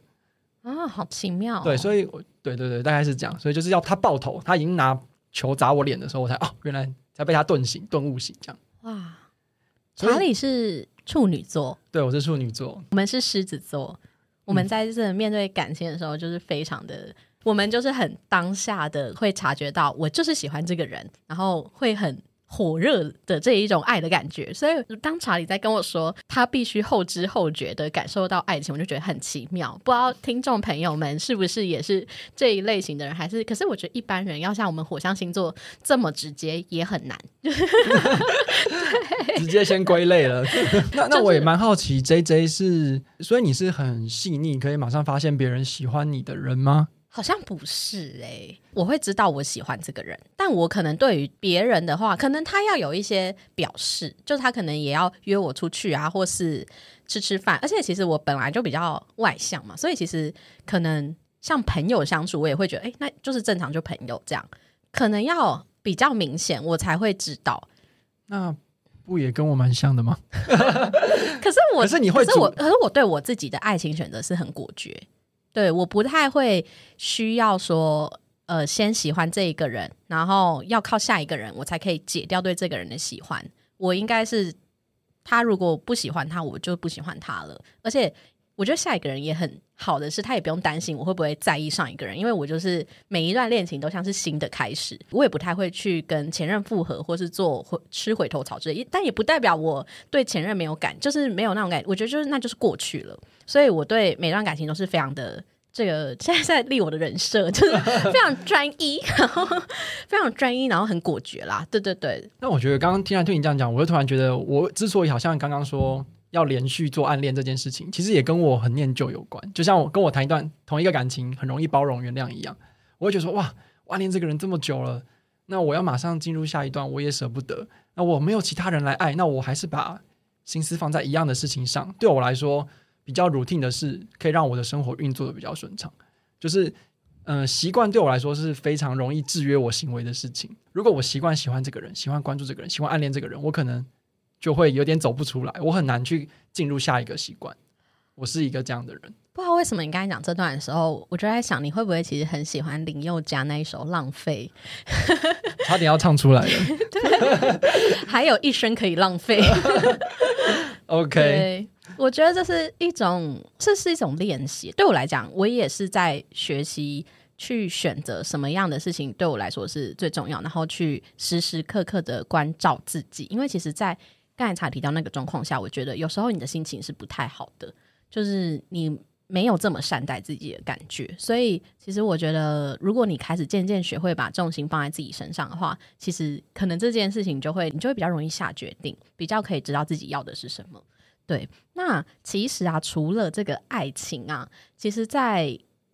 啊，好奇妙、哦。對，所以我，對對對，大概是這樣，所以就是要他爆頭，他已經拿球砸我臉的時候，我才哦、啊，原來才被他頓醒、頓悟醒這樣。哇，查理是處女座？對，我是處女座。我們是獅子座，我們在這面對感情的時候，就是非常的。我們就是很當下的會察覺到，我就是喜歡這個人，然後會很火熱的這一種愛的感覺。所以當查理在跟我說他必須後知後覺的感受到愛情，我就覺得很奇妙。不知道聽眾朋友們是不是也是這一類型的人，還是？可是我覺得一般人要像我們火象星座這麼直接也很難。直接先歸類了。 那那我也蠻好奇，J J、就是，JJ 是，所以你是很細膩，可以馬上發現別人喜歡你的人嗎？好像不是誒、欸，我會知道我喜歡這個人，但我可能對於別人的話，可能他要有一些表示，就是他可能也要約我出去啊，或是吃吃飯。而且其實我本來就比較外向嘛，所以其實可能像朋友相處，我也會覺得，哎、欸，那就是正常就朋友這樣。可能要比較明顯，我才會知道。那不也跟我蠻像的嗎？ 可是我，是你會，可是我可是我對我自己的愛情選擇是很果決。對，我不太會需要說，呃，先喜歡這一個人，然後要靠下一個人，我才可以解掉對這個人的喜歡。我應該是，他如果不喜歡他，我就不喜歡他了。而且，我覺得下一個人也很好的是，他也不用擔心我會不會在意上一個人，因為我就是每一段戀情都像是新的開始。我也不太會去跟前任複合，或是做吃回頭草之類。但也不代表我對前任沒有感，就是沒有那種感覺。我覺得就是那就是過去了。所以，我對每段感情都是非常的這個，現在在立我的人設，就是非常專一， 然後非常專一，然後很果決啦。對對對。那我覺得剛剛聽完聽你這樣講，我又突然覺得，我之所以好像剛剛說要連續做暗戀這件事情，其實也跟我很念舊有關。就像我跟我談一段同一個感情，很容易包容原諒一樣，我會覺得說：哇，暗戀這個人這麼久了，那我要馬上進入下一段，我也舍不得。那我沒有其他人來愛，那我還是把心思放在一樣的事情上，對我來說。比較 routine 的是可以讓我的生活運作得比較順暢，就是嗯，習慣對我來說是非常容易制約我行為的事情。如果我習慣喜歡這個人，喜歡關注這個人，喜歡暗戀這個人，我可能就會有點走不出來，我很難去進入下一個習慣。我是一個這樣的人。不知道為什麼你剛才講這段的時候，我就在想，你會不會其實很喜歡林宥嘉那一首《浪費》，差點要唱出來了。 對，還有一生可以浪費。 OK。我覺得這是一種，這是一種練習。對我來講，我也是在學習去選擇什麼樣的事情對我來說是最重要，然後去時時刻刻的關照自己。因為其實，在剛才才提到那個狀況下，我覺得有時候你的心情是不太好的，就是你沒有這麼善待自己的感覺。所以，其實我覺得，如果你開始漸漸學會把重心放在自己身上的話，其實可能這件事情就會你就會比較容易下決定，比較可以知道自己要的是什麼。對，那其實啊，除了這個愛情啊，其實，在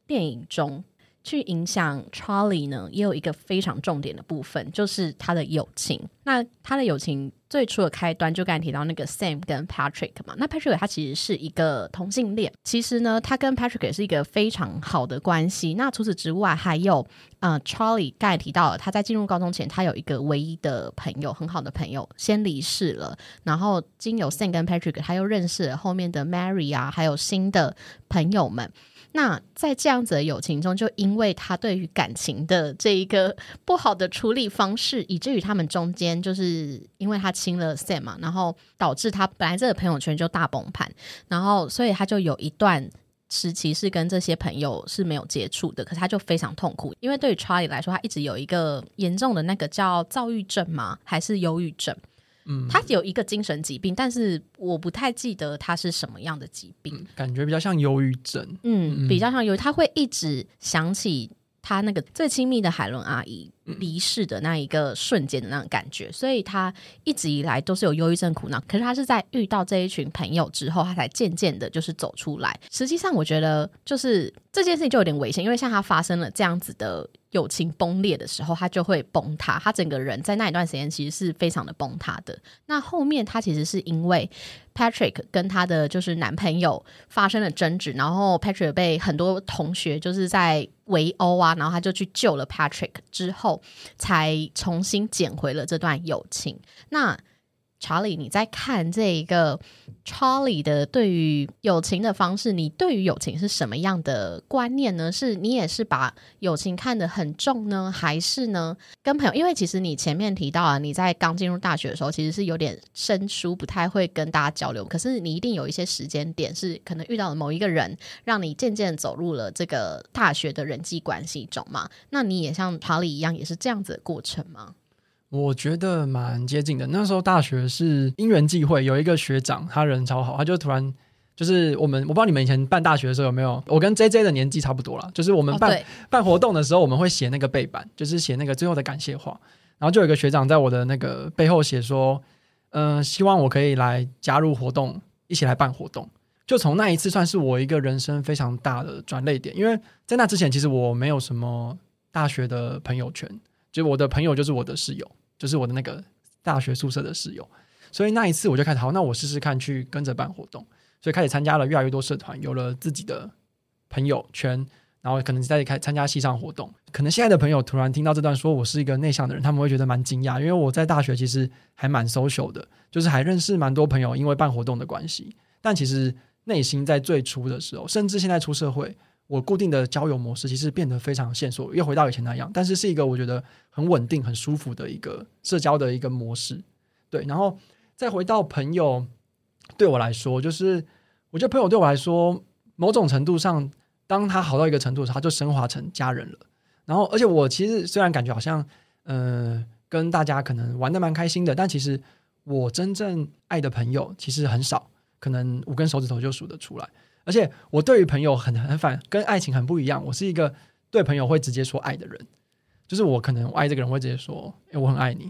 電影中去影響 Charlie 呢，也有一個非常重點的部分，就是他的友情。那他的友情。最初的開端就剛才提到那個 Sam 跟 Patrick 嘛，那 Patrick 他其實是一個同性戀，其實呢，他跟 Patrick 是一個非常好的關係。那除此之外，還有呃 Charlie，剛才提到了他在進入高中前，他有一個唯一的朋友，很好的朋友先離世了，然後經由 Sam 跟 Patrick，他又認識了後面的 Mary 啊，還有新的朋友們。那在這樣子的友情中，就因為他對於感情的這一個不好的處理方式，以至於他們中間就是因為他親了 Sam 嘛，然後導致他本來這個朋友圈就大崩盤，然後所以他就有一段時期是跟這些朋友是沒有接觸的，可是他就非常痛苦，因為對於 Charlie 來說，他一直有一個嚴重的那個叫躁鬱症嘛，還是憂鬱症。他有一個精神疾病，但是我不太記得他是什麼樣的疾病，嗯，感覺比較像憂鬱症。嗯，比較像憂鬱，他會一直想起他那個最親密的海倫阿姨離世的那一個瞬間的那種感覺，所以他一直以來都是有憂鬱症苦惱，可是他是在遇到這一群朋友之後，他才漸漸的就是走出來。實際上，我覺得就是這件事情就有點危險，因為像他發生了這樣子的友情崩裂的時候，他就會崩塌，他整個人在那一段時間其實是非常的崩塌的。那後面他其實是因為 Patrick 跟他的就是男朋友發生了爭執，然後 Patrick 被很多同學就是在圍毆啊，然後他就去救了 Patrick 之後。才重新撿回了這段友情。那。查理，Charlie, 你在看這一個查理的對於友情的方式，你對於友情是什麼樣的觀念呢？是你也是把友情看得很重呢，還是呢？跟朋友，因為其實你前面提到啊，你在剛進入大學的時候，其實是有點生疏，不太會跟大家交流。可是你一定有一些時間點是可能遇到了某一個人，讓你漸漸走入了這個大學的人際關係中嘛。那你也像查理一樣，也是這樣子的過程嗎？我覺得蠻接近的。那時候大學是因緣際會，有一個學長，他人超好，他就突然就是我們，我不知道你們以前辦大學的時候有沒有，我跟 JJ 的年紀差不多了。就是我們辦、哦、辦活動的時候，我們會寫那個背板，就是寫那個最後的感謝話。然後就有一個學長在我的那個背後寫說，嗯、呃，希望我可以來加入活動，一起來辦活動。就從那一次算是我一個人生非常大的轉捩點，因為在那之前其實我沒有什麼大學的朋友圈，就是、我的朋友就是我的室友。就是我的那個大學宿舍的室友，所以那一次我就開始，好，那我試試看去跟着辦活動，所以開始參加了越來越多社團，有了自己的朋友圈，然後可能在開始參加系上活動，可能現在的朋友突然聽到這段，說我是一個內向的人，他們會覺得蠻驚訝，因為我在大學其實還蠻 social 的，就是還認識蠻多朋友，因為辦活動的關係，但其實內心在最初的時候，甚至現在出社會。我固定的交友模式其實變得非常線索，又回到以前那樣，但是是一個我覺得很穩定、很舒服的一個社交的一個模式。對，然後再回到朋友，對我來說，就是我覺得朋友對我來說，某種程度上，當他好到一個程度的時候，他就升華成家人了。然後，而且我其實雖然感覺好像，嗯、呃，跟大家可能玩得蠻開心的，但其實我真正愛的朋友其實很少，可能五根手指頭就數得出來。而且我對於朋友很很反，跟愛情很不一樣。我是一個對朋友會直接說愛的人，就是我可能我愛這個人會直接說：“哎，我很愛你。”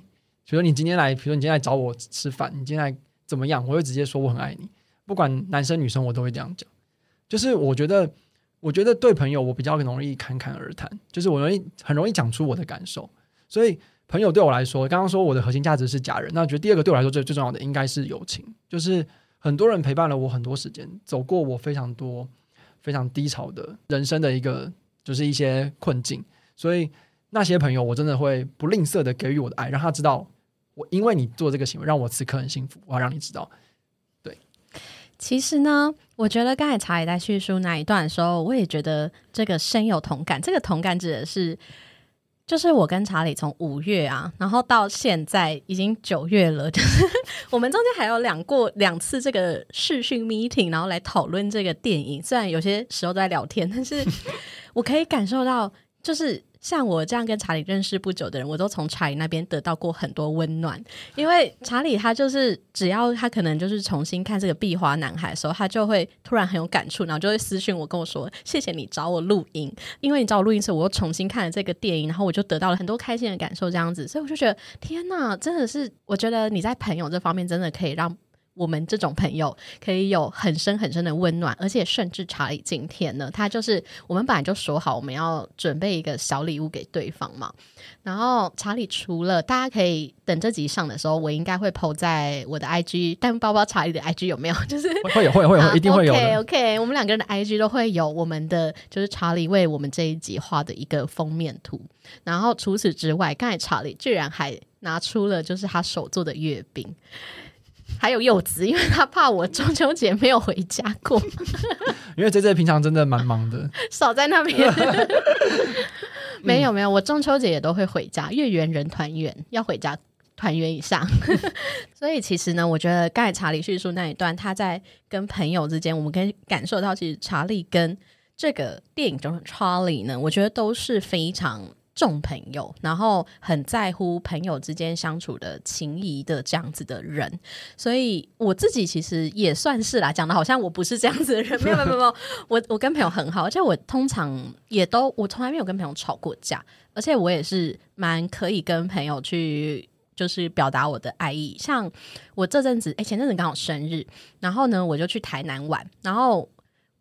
比如說你今天來，比如說你今天來找我吃飯，你今天來怎麼樣，我會直接說我很愛你。不管男生女生，我都會這樣講。就是我覺得，我覺得對朋友我比較容易侃侃而談，就是我容易很容易講出我的感受。所以朋友對我來說，剛剛說我的核心價值是家人，那我覺得第二個對我來說最最重要的應該是友情，就是。很多人陪伴了我很多時間，走過我非常多非常低潮的人生的一個就是一些困境，所以那些朋友我真的會不吝嗇的給予我的愛，讓他知道我因為你做這個行為讓我此刻很幸福，我要讓你知道。對，其實呢，我覺得剛才查理在敘述那一段的時候，我也覺得這個深有同感。這個同感指的是。就是我跟查理從五月啊，然後到現在已經九月了，就是、我們中間還有兩過兩次這個視訊 meeting，然後來討論這個電影。雖然有些時候在聊天，但是我可以感受到，就是。像我這樣跟查理認識不久的人，我都從查理那邊得到過很多溫暖。因為查理他就是，只要他可能就是重新看這個《壁花男孩》的時候，他就會突然很有感觸，然後就會私訊我跟我說：“謝謝你找我錄音。”因為你找我錄音的時候，我又重新看了這個電影，然後我就得到了很多開心的感受，這樣子，所以我就覺得，天哪，真的是，我覺得你在朋友這方面真的可以讓。我們這種朋友可以有很深很深的溫暖，而且甚至查理今天呢，他就是我們本來就說好我們要準備一個小禮物給對方嘛。然後查理除了大家可以等這集上的時候，我應該會 Po 在我的 IG，但包包查理的 IG 有沒有？就是會會會有一定會有，啊。OK OK，我們兩個人的 IG 都會有我們的，就是查理為我們這一集畫的一個封面圖。然後除此之外，剛才查理居然還拿出了就是他手做的月餅。還有柚子，因為他怕我中秋節沒有回家過。 因為 JJ 平常真的蠻忙的， 少在那邊。 沒有沒有，我中秋節也都會回家，月圓人團圓，要回家團圓以上。 所以其實呢，我覺得剛才查理敘述那一段，他在跟朋友之間，我們可以感受到，其實查理跟這個電影中的查理呢，我覺得都是非常。重朋友，然後很在乎朋友之間相處的情誼的這樣子的人，所以我自己其實也算是啦、啊，講的好像我不是這樣子的人，沒有沒有沒有，我我跟朋友很好，而且我通常也都我從來沒有跟朋友吵過架，而且我也是蠻可以跟朋友去就是表達我的愛意，像我這陣子，誒、哎，前陣子剛好生日，然後呢，我就去台南玩，然後。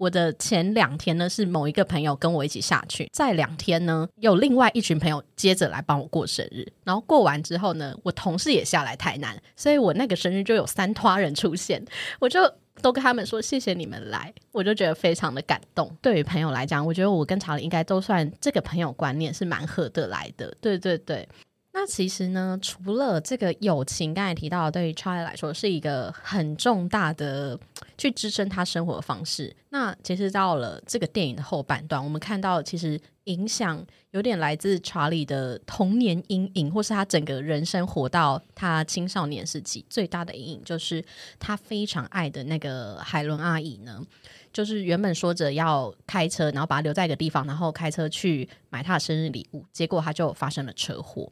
我的前兩天呢是某一個朋友跟我一起下去，再兩天呢有另外一群朋友接着來幫我過生日，然後過完之後呢，我同事也下來台南，所以我那個生日就有三拖人出現，我就都跟他們說，謝謝你們來，我就覺得非常的感動。對於朋友來講，我覺得我跟查理應該都算這個朋友觀念是蠻合得來的，對對對。那其實呢，除了這個友情，剛才提到對於查理來說是一個很重大的去支撐他生活的方式。那其實到了這個電影的後半段，我們看到其實影響有點來自查理的童年陰影，或是他整個人生活到他青少年時期最大的陰影，就是他非常愛的那個海倫阿姨呢，就是原本說着要開車，然後把他留在一個地方，然後開車去買他的生日禮物，結果他就發生了車禍。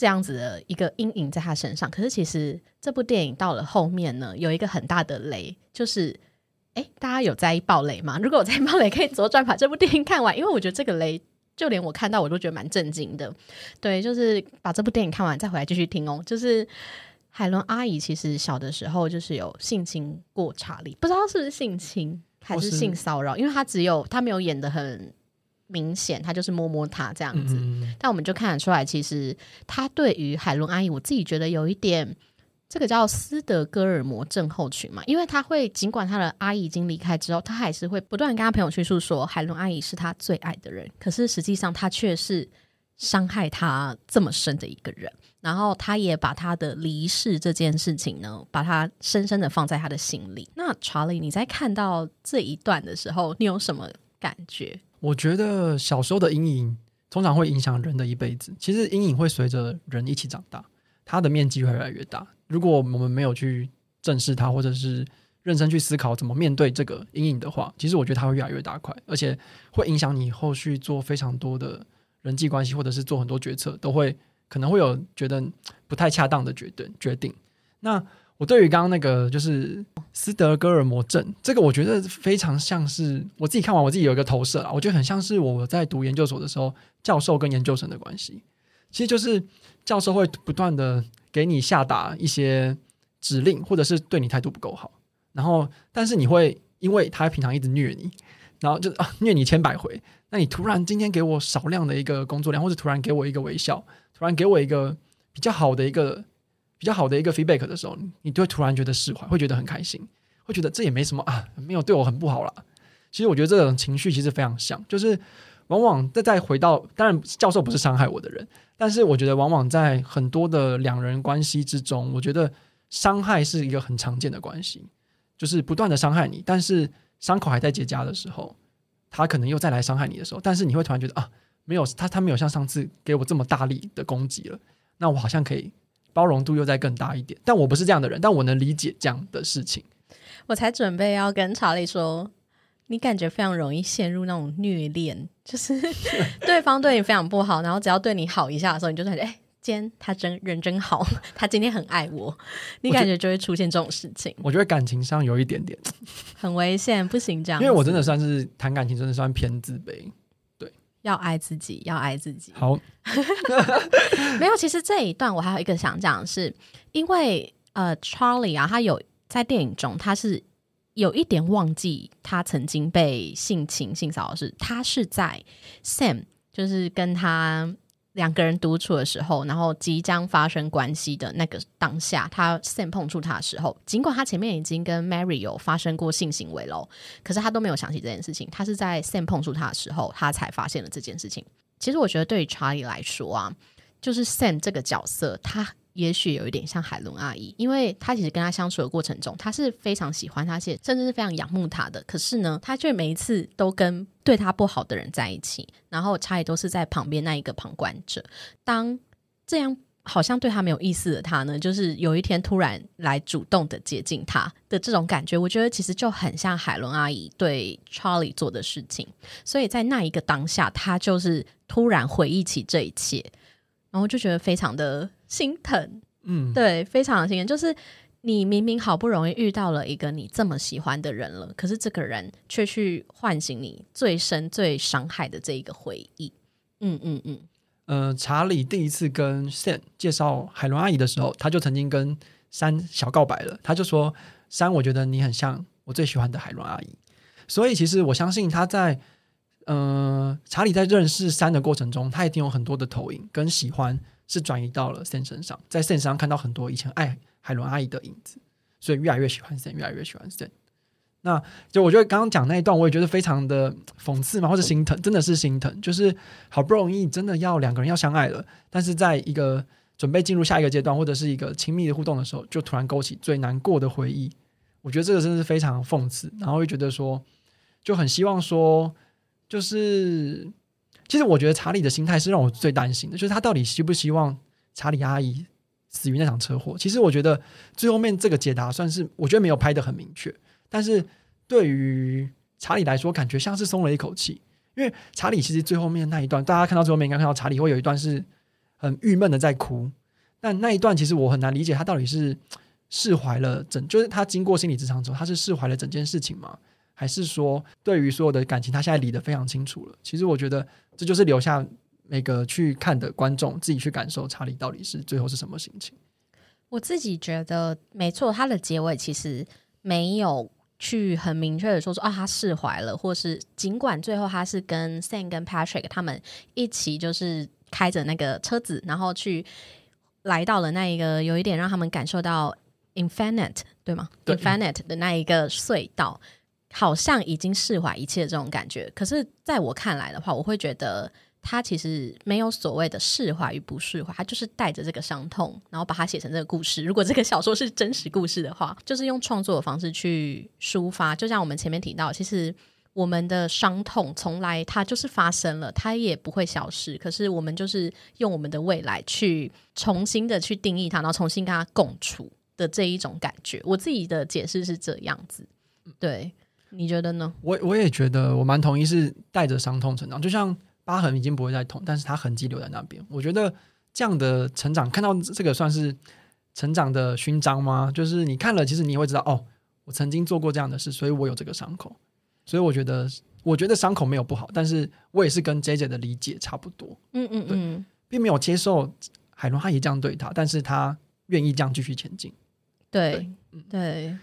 這樣子的一個陰影在他身上，可是其實這部電影到了後面呢，有一個很大的雷，就是誒、欸，大家有在意爆雷嗎？如果我在意爆雷，可以左轉把這部電影看完，因為我覺得這個雷，就連我看到我都覺得蠻震驚的。對，就是把這部電影看完再回來繼續聽哦。就是海倫阿姨其實小的時候就是有性侵過查理，不知道是不是性侵還是性騷擾，是因為她只有她沒有演得很。明顯，他就是摸摸他這樣子，嗯嗯。但我們就看得出來，其實他對於海倫阿姨，我自己覺得有一點，這個叫斯德哥爾摩症候群嘛，因為他會儘管他的阿姨已經離開之後，他還是會不斷跟他朋友去訴說，海倫阿姨是他最愛的人，可是實際上他卻是傷害他這麼深的一個人，然後他也把他的離世這件事情呢，把他深深的放在他的心裡。那查理，你在看到這一段的時候，你有什麼感覺？我覺得小時候的陰影通常會影響人的一輩子。其實陰影會隨着人一起長大，它的面積會越來越大。如果我們沒有去正視它，或者是認真去思考怎麼面對這個陰影的話，其實我覺得它會越來越大塊，而且會影響你後續做非常多的人際關係，或者是做很多決策，都會可能會有覺得不太恰當的決決定。那我對於剛剛那個就是斯德哥爾摩症，這個我覺得非常像是我自己看完，我自己有一個投射啊，我覺得很像是我在讀研究所的時候，教授跟研究生的關係，其實就是教授會不斷的給你下達一些指令，或者是對你態度不夠好，然後但是你會因為他平常一直虐你，然後就啊虐你千百回，那你突然今天給我少量的一個工作量，或者突然給我一個微笑，突然給我一個比較好的一個。比較好的一個 feedback 的時候，你就會突然覺得釋懷，會覺得很開心，會覺得這也沒什麼啊，沒有對我很不好啦。其實我覺得這種情緒其實非常像，就是往往再再回到，當然教授不是傷害我的人，但是我覺得往往在很多的兩人關係之中，我覺得傷害是一個很常見的關係，就是不斷的傷害你，但是傷口還在結痂的時候，他可能又再來傷害你的時候，但是你會突然覺得啊，沒有他，他沒有像上次給我這麼大力的攻擊了，那我好像可以。包容度又再更大一點，但我不是這樣的人，但我能理解這樣的事情。我才準備要跟查理說，你感覺非常容易陷入那種虐戀，就是對方對你非常不好， 然後只要對你好一下的時候，你就感覺得哎、欸，今天他真人真好，他今天很愛我，我你感覺就會出現這種事情。我覺得感情上有一點點很危險，不行這樣。因為我真的算是談感情，真的算偏自卑。要愛自己，要愛自己。好， 沒有。其實這一段我還有一個想講，是因為呃，Charlie 啊，他有在電影中，他是有一點忘記他曾經被性侵、性騷擾，是他是在 Sam 就是跟他。兩個人獨處的時候，然後即將發生關係的那個當下，他 Sam 碰觸他的時候，儘管他前面已經跟 Mary 有發生過性行為咯，可是他都沒有想起這件事情。他是在 Sam 碰觸他的時候，他才發現了這件事情。其實我覺得對於 Charlie 來說啊，就是 Sam 這個角色，他。也許有一點像海倫阿姨，因為她其實跟她相處的過程中，她是非常喜歡她，且甚至是非常仰慕她的。可是呢，她卻每一次都跟對她不好的人在一起，然後她也都是在旁邊那一個旁觀者。當這樣好像對她沒有意思的她呢，就是有一天突然來主動的接近他的這種感覺，我覺得其實就很像海倫阿姨對查理做的事情。所以在那一個當下，她就是突然回憶起這一切，然後就覺得非常的。心疼，嗯，對，非常的心疼。就是你明明好不容易遇到了一個你這麼喜歡的人了，可是這個人卻去喚醒你最深、最傷害的這一個回憶。嗯嗯嗯、呃。查理第一次跟三介紹海倫阿姨的時候，嗯、他就曾經跟三小告白了。他就說：“三，我覺得你很像我最喜歡的海倫阿姨。”所以，其實我相信他在，嗯、呃、查理在認識三的過程中，他一定有很多的投影跟喜歡。是轉移到了 Sam 身上，在 Sam 身上看到很多以前愛海倫阿姨的影子，所以越來越喜歡 Sam，越來越喜歡 Sam。那就我覺得剛剛講那一段，我也覺得非常的諷刺嘛，或者心疼，真的是心疼。就是好不容易真的要兩個人要相愛了，但是在一個準備進入下一個階段或者是一個親密的互動的時候，就突然勾起最難過的回憶。我覺得這個真的是非常諷刺，然後又覺得說，就很希望說，就是。其實我覺得查理的心態是讓我最擔心的，就是他到底希不希望查理阿姨死於那場車禍？其實我覺得最後面這個解答算是我覺得沒有拍得很明確，但是對於查理來說，感覺像是鬆了一口氣，因為查理其實最後面那一段，大家看到最後面應該看到查理會有一段是很鬱悶的在哭，但那一段其實我很難理解他到底是釋懷了整，就是他經過心理治療之後，他是釋懷了整件事情嘛。還是說，對於所有的感情，他現在理得非常清楚了。其實我覺得，這就是留下每個去看的觀眾自己去感受查理到底是最後是什麼心情。我自己覺得沒錯，他的結尾其實沒有去很明確的說說啊、哦，他釋懷了，或是儘管最後他是跟 Sam 跟 Patrick 他們一起，就是開着那個車子，然後去來到了那一個有一點讓他們感受到 infinite 對嗎？對。infinite 的那一個隧道。好像已經釋懷一切的這種感覺，可是在我看來的話，我會覺得他其實沒有所謂的釋懷與不釋懷，他就是帶着這個傷痛，然後把它寫成這個故事。如果這個小說是真實故事的話，就是用創作的方式去抒發。就像我們前面提到，其實我們的傷痛從來它就是發生了，它也不會消失。可是我們就是用我們的未來去重新的去定義它，然後重新跟它共處的這一種感覺。我自己的解釋是這樣子，嗯，對。你覺得呢？我我也覺得，我蠻同意是帶着傷痛成長，就像疤痕已經不會再痛，但是它痕跡留在那邊。我覺得這樣的成長，看到這個算是成長的勳章嗎？就是你看了，其實你也會知道，哦，我曾經做過這樣的事，所以我有這個傷口。所以我覺得，我覺得傷口沒有不好，但是我也是跟 JJ 的理解差不多。嗯，嗯嗯，對，並沒有接受海倫，他也這樣對他，但是他願意這樣繼續前進。對，對嗯，對。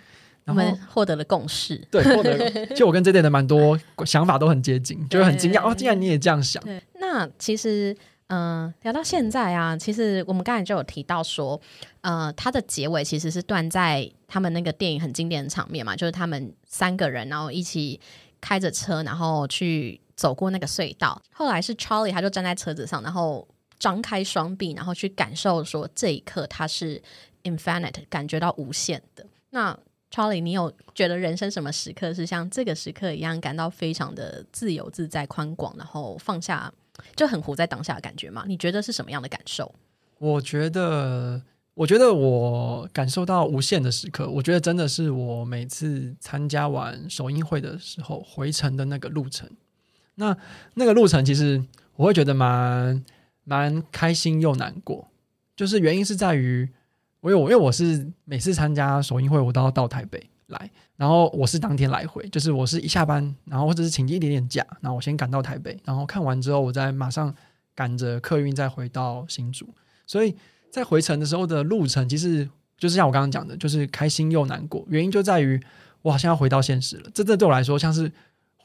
他們獲得了共識，對，獲得了。就我跟這點的蠻多想法都很接近， 對就是很驚訝哦，竟然你也這樣想。對那其實，嗯、呃，聊到現在啊，其實我們剛才就有提到說，呃，它的結尾其實是斷在他們那個電影很經典的場面嘛，就是他們三個人然後一起開着車，然後去走過那個隧道。後來是 Charlie，他就站在車子上，然後張開雙臂，然後去感受說這一刻他是 infinite，感覺到無限的。那 Charlie，你有覺得人生什麼時刻是像這個時刻一樣，感到非常的自由自在、寬廣，然後放下就很活在當下的感覺嗎？你覺得是什麼樣的感受？我覺得，我覺得我感受到無限的時刻。我覺得真的是我每次參加完首映會的時候，回程的那個路程，那那個路程其實我會覺得蠻蠻開心又難過，就是原因是在於，因為我因為我是每次參加首映會，我都要到台北來，然後我是當天來回，就是我是一下班，然後或者是請一點點假，然後我先趕到台北，然後看完之後，我再馬上趕着客運再回到新竹，所以在回程的時候的路程，其實就是像我剛剛講的，就是開心又難過，原因就在於我好像要回到現實了，這這對我來說像是。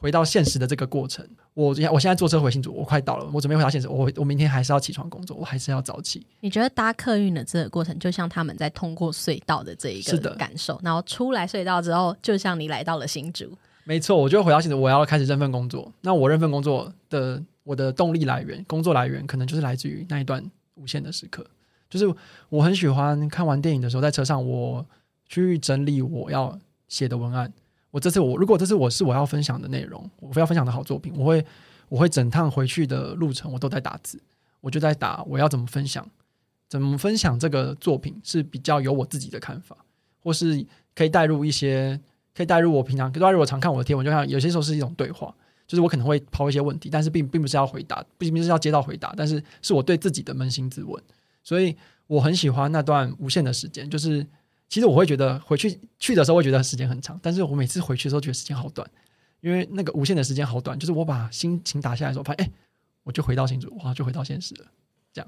回到現實的這個過程，我我現在坐車回新竹，我快到了，我準備回到現實。我我明天還是要起床工作，我還是要早起。你覺得搭客運的這個過程，就像他們在通過隧道的這一個感受，的然後出來隧道之後，就像你來到了新竹。沒錯，我就回到現實，我要開始這份工作。那我這份工作的我的動力來源，工作來源，可能就是來自於那一段無限的時刻，就是我很喜歡看完電影的時候，在車上我去整理我要寫的文案。我這次我如果這次我是我要分享的內容，我非要分享的好作品，我會我會整趟回去的路程，我都在打字，我就在打我要怎麼分享，怎麼分享這個作品是比較有我自己的看法，或是可以帶入一些可以帶入我平常可以帶入我常看我的貼文，就像有些時候是一種對話，就是我可能會拋一些問題，但是並並不是要回答，並不是要接到回答，但是是我對自己的捫心自問，所以我很喜歡那段無限的時間，就是。其實我會覺得回去去的時候會覺得時間很長，但是我每次回去的時候覺得時間好短，因為那個無限的時間好短，就是我把心情打下來的時候，發現哎，我就回到現實，哇，就回到現實了，這樣。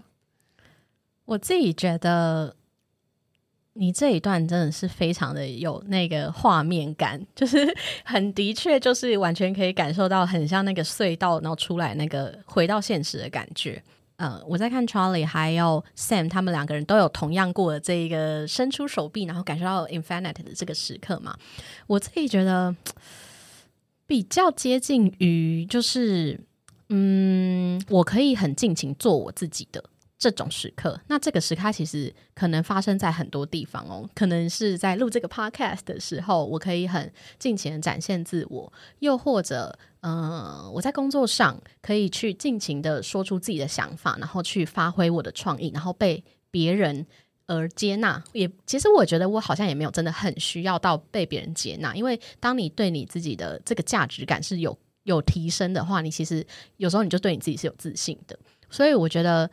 我自己覺得，你這一段真的是非常的有那個畫面感，就是很的確，就是完全可以感受到很像那個隧道，然後出來那個回到現實的感覺。呃，我在看 Charlie 還有 Sam，他們兩個人都有同樣過的這一個伸出手臂，然後感受到 infinite 的這個時刻嘛。我自己覺得比較接近於就是，嗯，我可以很盡情做我自己的這種時刻。那這個時刻其實可能發生在很多地方哦，可能是在錄這個 podcast 的時候，我可以很盡情地展現自我，又或者。嗯、呃，我在工作上可以去盡情的說出自己的想法，然後去發揮我的創意，然後被別人而接納。也其實我覺得我好像也沒有真的很需要到被別人接納，因為當你對你自己的這個價值感是有有提升的話，你其實有時候你就對你自己是有自信的。所以我覺得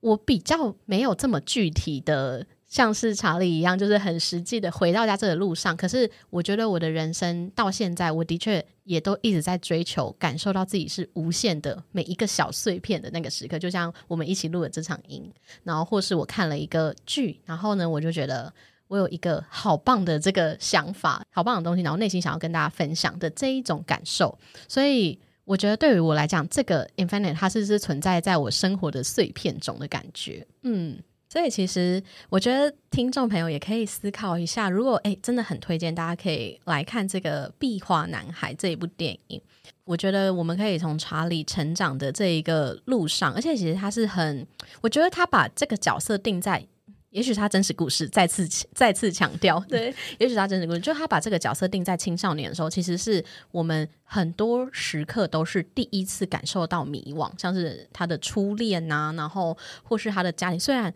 我比較沒有這麼具體的。像是查理一樣，就是很實際的回到家這個路上。可是我覺得我的人生到現在，我的確也都一直在追求，感受到自己是無限的每一個小碎片的那個時刻。就像我們一起錄了這場音，然後或是我看了一個劇，然後呢，我就覺得我有一個好棒的這個想法，好棒的東西，然後內心想要跟大家分享的這一種感受。所以我覺得對於我來講，這個 infinite 它是是存在在我生活的碎片中的感覺，嗯。所以其實我覺得聽眾朋友也可以思考一下，如果誒真的很推薦大家可以來看這個《壁花男孩》這一部電影。我覺得我們可以從查理成長的這一個路上，而且其實他是很，我覺得他把這個角色定在，也許他真實故事再次再次強調，對，也許他真實故事，就他把這個角色定在青少年的時候，其實是我們很多時刻都是第一次感受到迷惘，像是他的初戀吶、啊，然後或是他的家庭，雖然。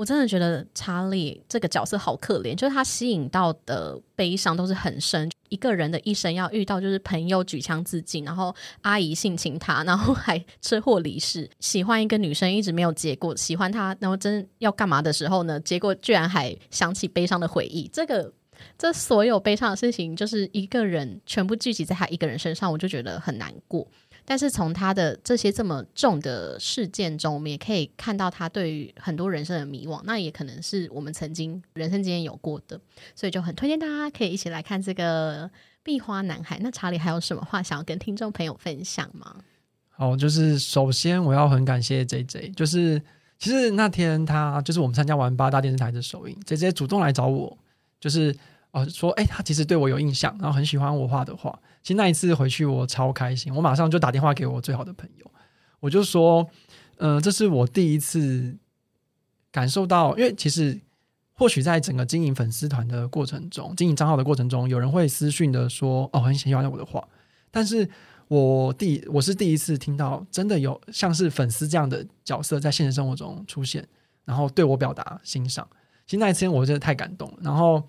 我真的覺得查理這個角色好可憐，就是他吸引到的悲傷都是很深。一個人的一生要遇到，就是朋友舉槍自盡，然後阿姨性侵他，然後還車禍離世，喜歡一個女生一直沒有結果，喜歡他，然後真要幹嘛的時候呢？結果居然還想起悲傷的回憶。這個這所有悲傷的事情，就是一個人全部聚集在他一個人身上，我就覺得很難過。但是從他的這些這麼重的事件中，我們也可以看到他對於很多人生的迷惘，那也可能是我們曾經人生之間有過的，所以就很推薦大家可以一起來看這個《壁花男孩》。那查理還有什麼話想要跟聽眾朋友分享嗎？好，就是首先我要很感謝 JJ，就是其實那天他就是我們參加完八大電視台的首映，JJ 主動來找我，就是哦、呃，說，哎、欸，他其實對我有印象，然後很喜歡我畫的畫。其實那一次回去，我超開心。我馬上就打電話給我最好的朋友，我就說：“嗯、呃，這是我第一次感受到，因為其實或許在整個經營粉絲團的過程中、經營賬號的過程中，有人會私訊的說‘哦，很喜歡我的話’，但是我第我是第一次聽到真的有像是粉絲這樣的角色在現實生活中出現，然後對我表達欣賞。其實那一天我真的太感動了。然後，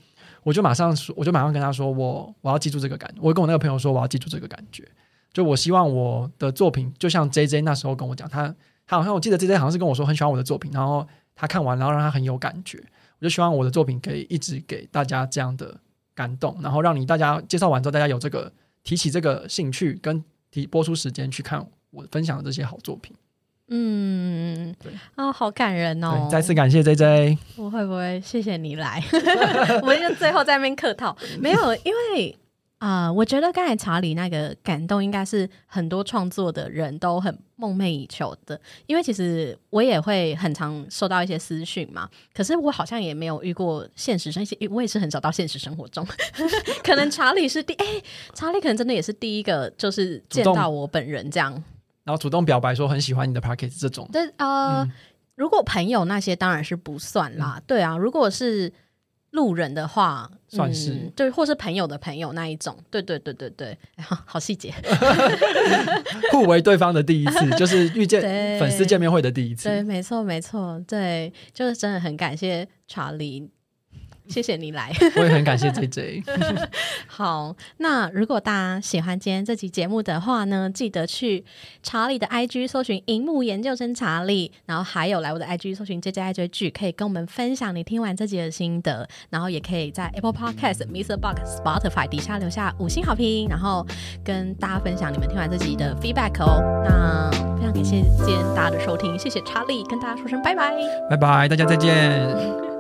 我就馬上說，我就馬上跟他說我，我我要記住這個感覺。我跟我那個朋友說，我要記住這個感覺。就我希望我的作品，就像 JJ 那時候跟我講，他他好像我記得 JJ 好像是跟我說很喜歡我的作品，然後他看完，然後讓他很有感覺。我就希望我的作品可以一直給大家這樣的感動，然後讓你大家介紹完之後，大家有這個提起這個興趣，跟提播出時間去看我分享的這些好作品。嗯，啊、哦，好感人哦！再次感謝 JJ，我會不會謝謝你來？ 我們就最後在那邊客套， 沒有，因為啊、呃，我覺得剛才查理那個感動，應該是很多創作的人都很夢寐以求的。因為其實我也會很常收到一些私訊嘛，可是我好像也沒有遇過現實生，我也是很少到現實生活中， 可能查理是第哎、欸，查理可能真的也是第一個就是見到我本人這樣。然後主動表白說很喜歡你的 podcast 這種，對呃嗯、如果朋友那些當然是不算啦。嗯、對啊，如果是路人的話，算是對，嗯、或是朋友的朋友那一種。對對對對對,對、哎，好細節， 互為對方的第一次，就是遇見粉絲見面會的第一次。對,對，沒錯沒錯，對，就是真的很感謝查理。謝謝你來，我也很感謝 JJ。好，那如果大家喜歡今天這集節目的話呢，記得去查理的 IG 搜尋“銀幕研究生查理”，然後還有來我的 IG 搜尋 “JJ 愛追劇”，可以跟我們分享你聽完這集的心得，然後也可以在 Apple Podcast、Mixerbox、Spotify 底下留下五星好評，然後跟大家分享你們聽完這集的 feedback 哦。那非常感謝今天大家的收聽，謝謝查理，跟大家說聲拜拜，拜拜，大家再見。